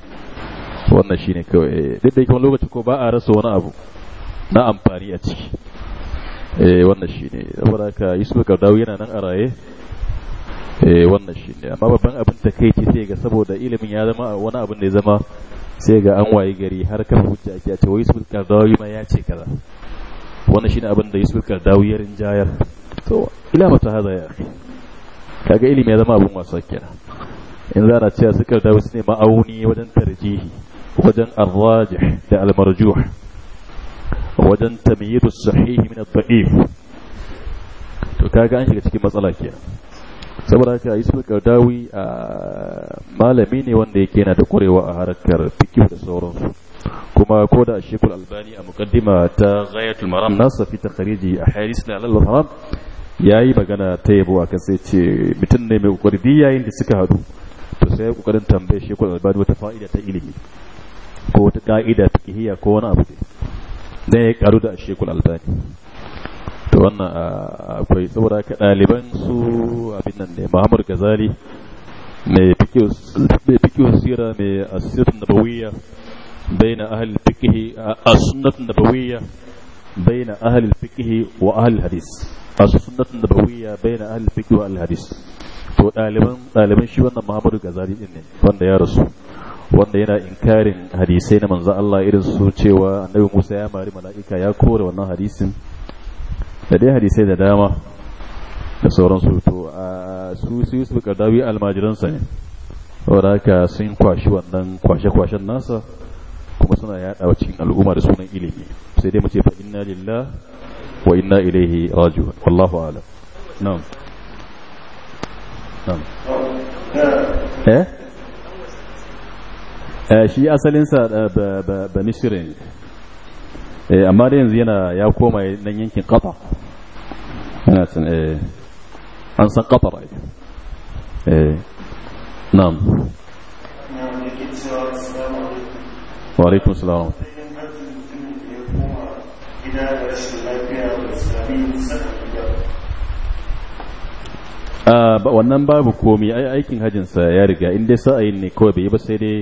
wannan shi ne kawai eh, duk da yake lokaci ko ba a rasa wani abu na amfani a ciki eh, wannan shi ne saboda ka yusuf kardawu yana nan a raye wannan shi ne amma babban abin ta kai sai ga saboda ilimin ya zama wani abin da ya zama sai ga an waye gari har kafa hujja ake ce wai yusuf kardawu ma ya ce kaza wannan shi ne abin da yusuf kardawu ya rinjayar to ila mata haza ya akhi kaga ilimi ya zama abun wasa kenan in za na cewa suka da wasu ne ma'auni wajen tarjihi wajen arrajih da almarjuh wajen tamyidu sahihi min ad-da'if to kaga an shiga cikin matsala kenan saboda haka suka Qardawi a malami ne wanda yake na da kwarewa a harkar fikih da sauransu kuma ko da Sheikhul Albani a muqaddima ta Ghayatul Maram nasa fi takhriji ahadith al-haram ya yi magana ta yabo a kan sai ce mutum ne mai kokari duk yayin da suka haɗu to sai ya kokarin tambaye shi kuɗin albani wata fa'ida ta ilimi ko wata ka'ida ta kihiya ko wani abu dan ya karu da shekul albani to wannan akwai saboda ka ɗaliban su abin nan ne muhammad gazali mai fikiyo sira mai asirin nabawiyya بين أهل الفقه السنة النبوية بين أهل wa وأهل الحديث masu sunnatun nabawiyya bayan ahli fiqh wa alhadis to ɗaliban shi wannan Muhammadu Gazali din ne wanda ya rasu wanda yana inkarin hadisai na manzan Allah irin su cewa annabi Musa ya mari mala'ika ya kore wannan hadisin da dai hadisai da dama da sauransu to a su su Yusuf almajiransa ne wadda haka sun kwashi wannan kwashe-kwashen nasa kuma suna yaɗa cikin al'umma da sunan ilimi sai dai mu ce na inna wa inna ilaihi raji'un wallahu a'lam na'am na'am eh? Eh, shi asalinsa sa eh, ba ba amma da yanzu yana ya koma nan yankin qatar ana san an san qatar eh na'am wa alaikum assalam gida da rashin lafiya da sami ah, wannan babu komi ai aikin hajjinsa ya riga in dai sa'ayin ne kawai bai yi ba sai dai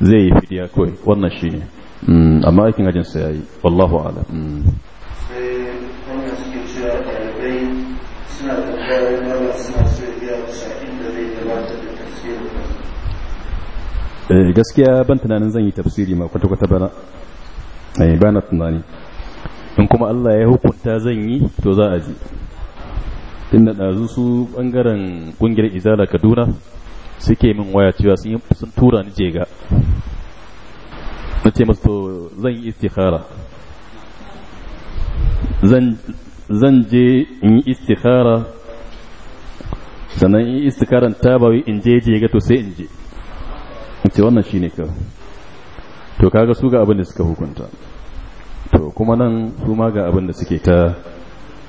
zai yi fidiya kawai wannan shi ne hmm, amma aikin hajjinsa ya yi wallahu ala hmm. eh, gaskiya ban tunanin zan yi tafsiri ma kwata-kwata bana eh, ba na tunani in kuma Allah ya hukunta zan yi to za a ji inda ɗazu su ɓangaren ƙungiyar izala kaduna suke min waya cewa sun tura ni jega na ce masu to zan yi istikhara zan je in yi istikhara sannan in yi istikharan ta in je jega to sai in je in ce wannan shi ne kawai to kaga su ga abin da suka hukunta kuma nan su ma ga abin da suke ta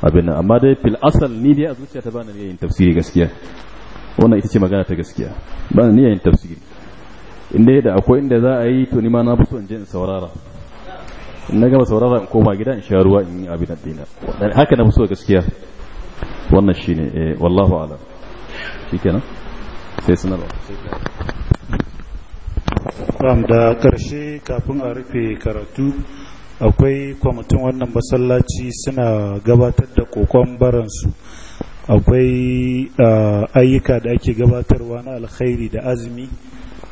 abin nan amma dai fil asal ni dai a zuciya ta bani yin tafsiri gaskiya wannan ita ce magana ta gaskiya bani ni yin tafsiri inda da akwai inda za a yi to ni ma na fi so in je in saurara in na gama saurara in koma gida in sha ruwa in yi abin dina haka na fi so gaskiya wannan shine eh wallahu a'lam shikenan sai sanarwa da ƙarshe kafin a rufe karatu akwai kwamitin wannan masallaci suna gabatar da kokon baransu akwai ayyuka da ake gabatarwa na alkhairi da azumi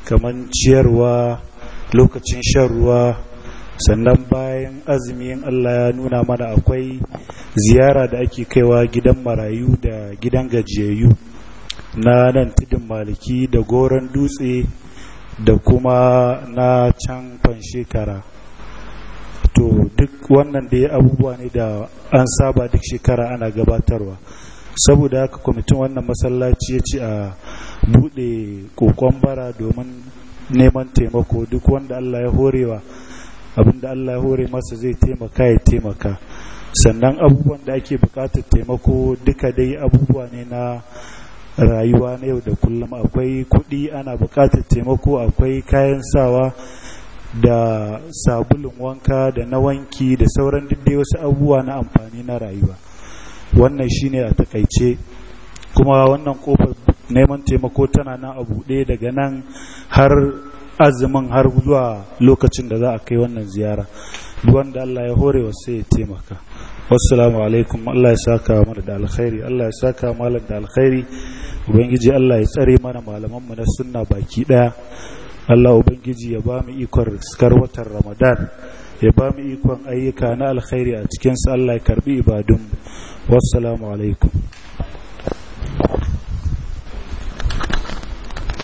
kamar ciyarwa lokacin shan ruwa sannan bayan azumin Allah ya nuna mana akwai ziyara da ake kaiwa gidan marayu da gidan gajiyayyu na nan tudun maliki da goron dutse da kuma na can fan shekara to duk wannan da ya abubuwa ne da an saba duk shekara ana gabatarwa saboda haka kwamitin wannan masallaci ya ce a buɗe kokon bara domin neman taimako duk wanda allah ya horewa abinda allah ya hore masa zai taimaka ya taimaka sannan abubuwan da ake bukatar taimako duka dai abubuwa ne na rayuwa na yau da kullum akwai kuɗi ana bukatar taimako akwai kayan sawa da sabulun wanka da na wanki da sauran dai wasu abubuwa na amfani na rayuwa wannan shine a takaice kuma wannan kofar neman taimako tana nan a buɗe daga nan har azumin har zuwa lokacin da za a kai wannan ziyara wanda Allah ya hore wa sai ya taimaka wassalamu alaikum Allah ya saka mana da alkhairi Allah ya saka malam da alkhairi ubangiji Allah ya tsare mana malaman mu na sunna baki daya Allah Ubangiji ya ba mu ikon riskar watan Ramadan ya ba mu ikon ayyuka na alkhairi a cikinsa Allah ya karbi ibadun wassalamu alaikum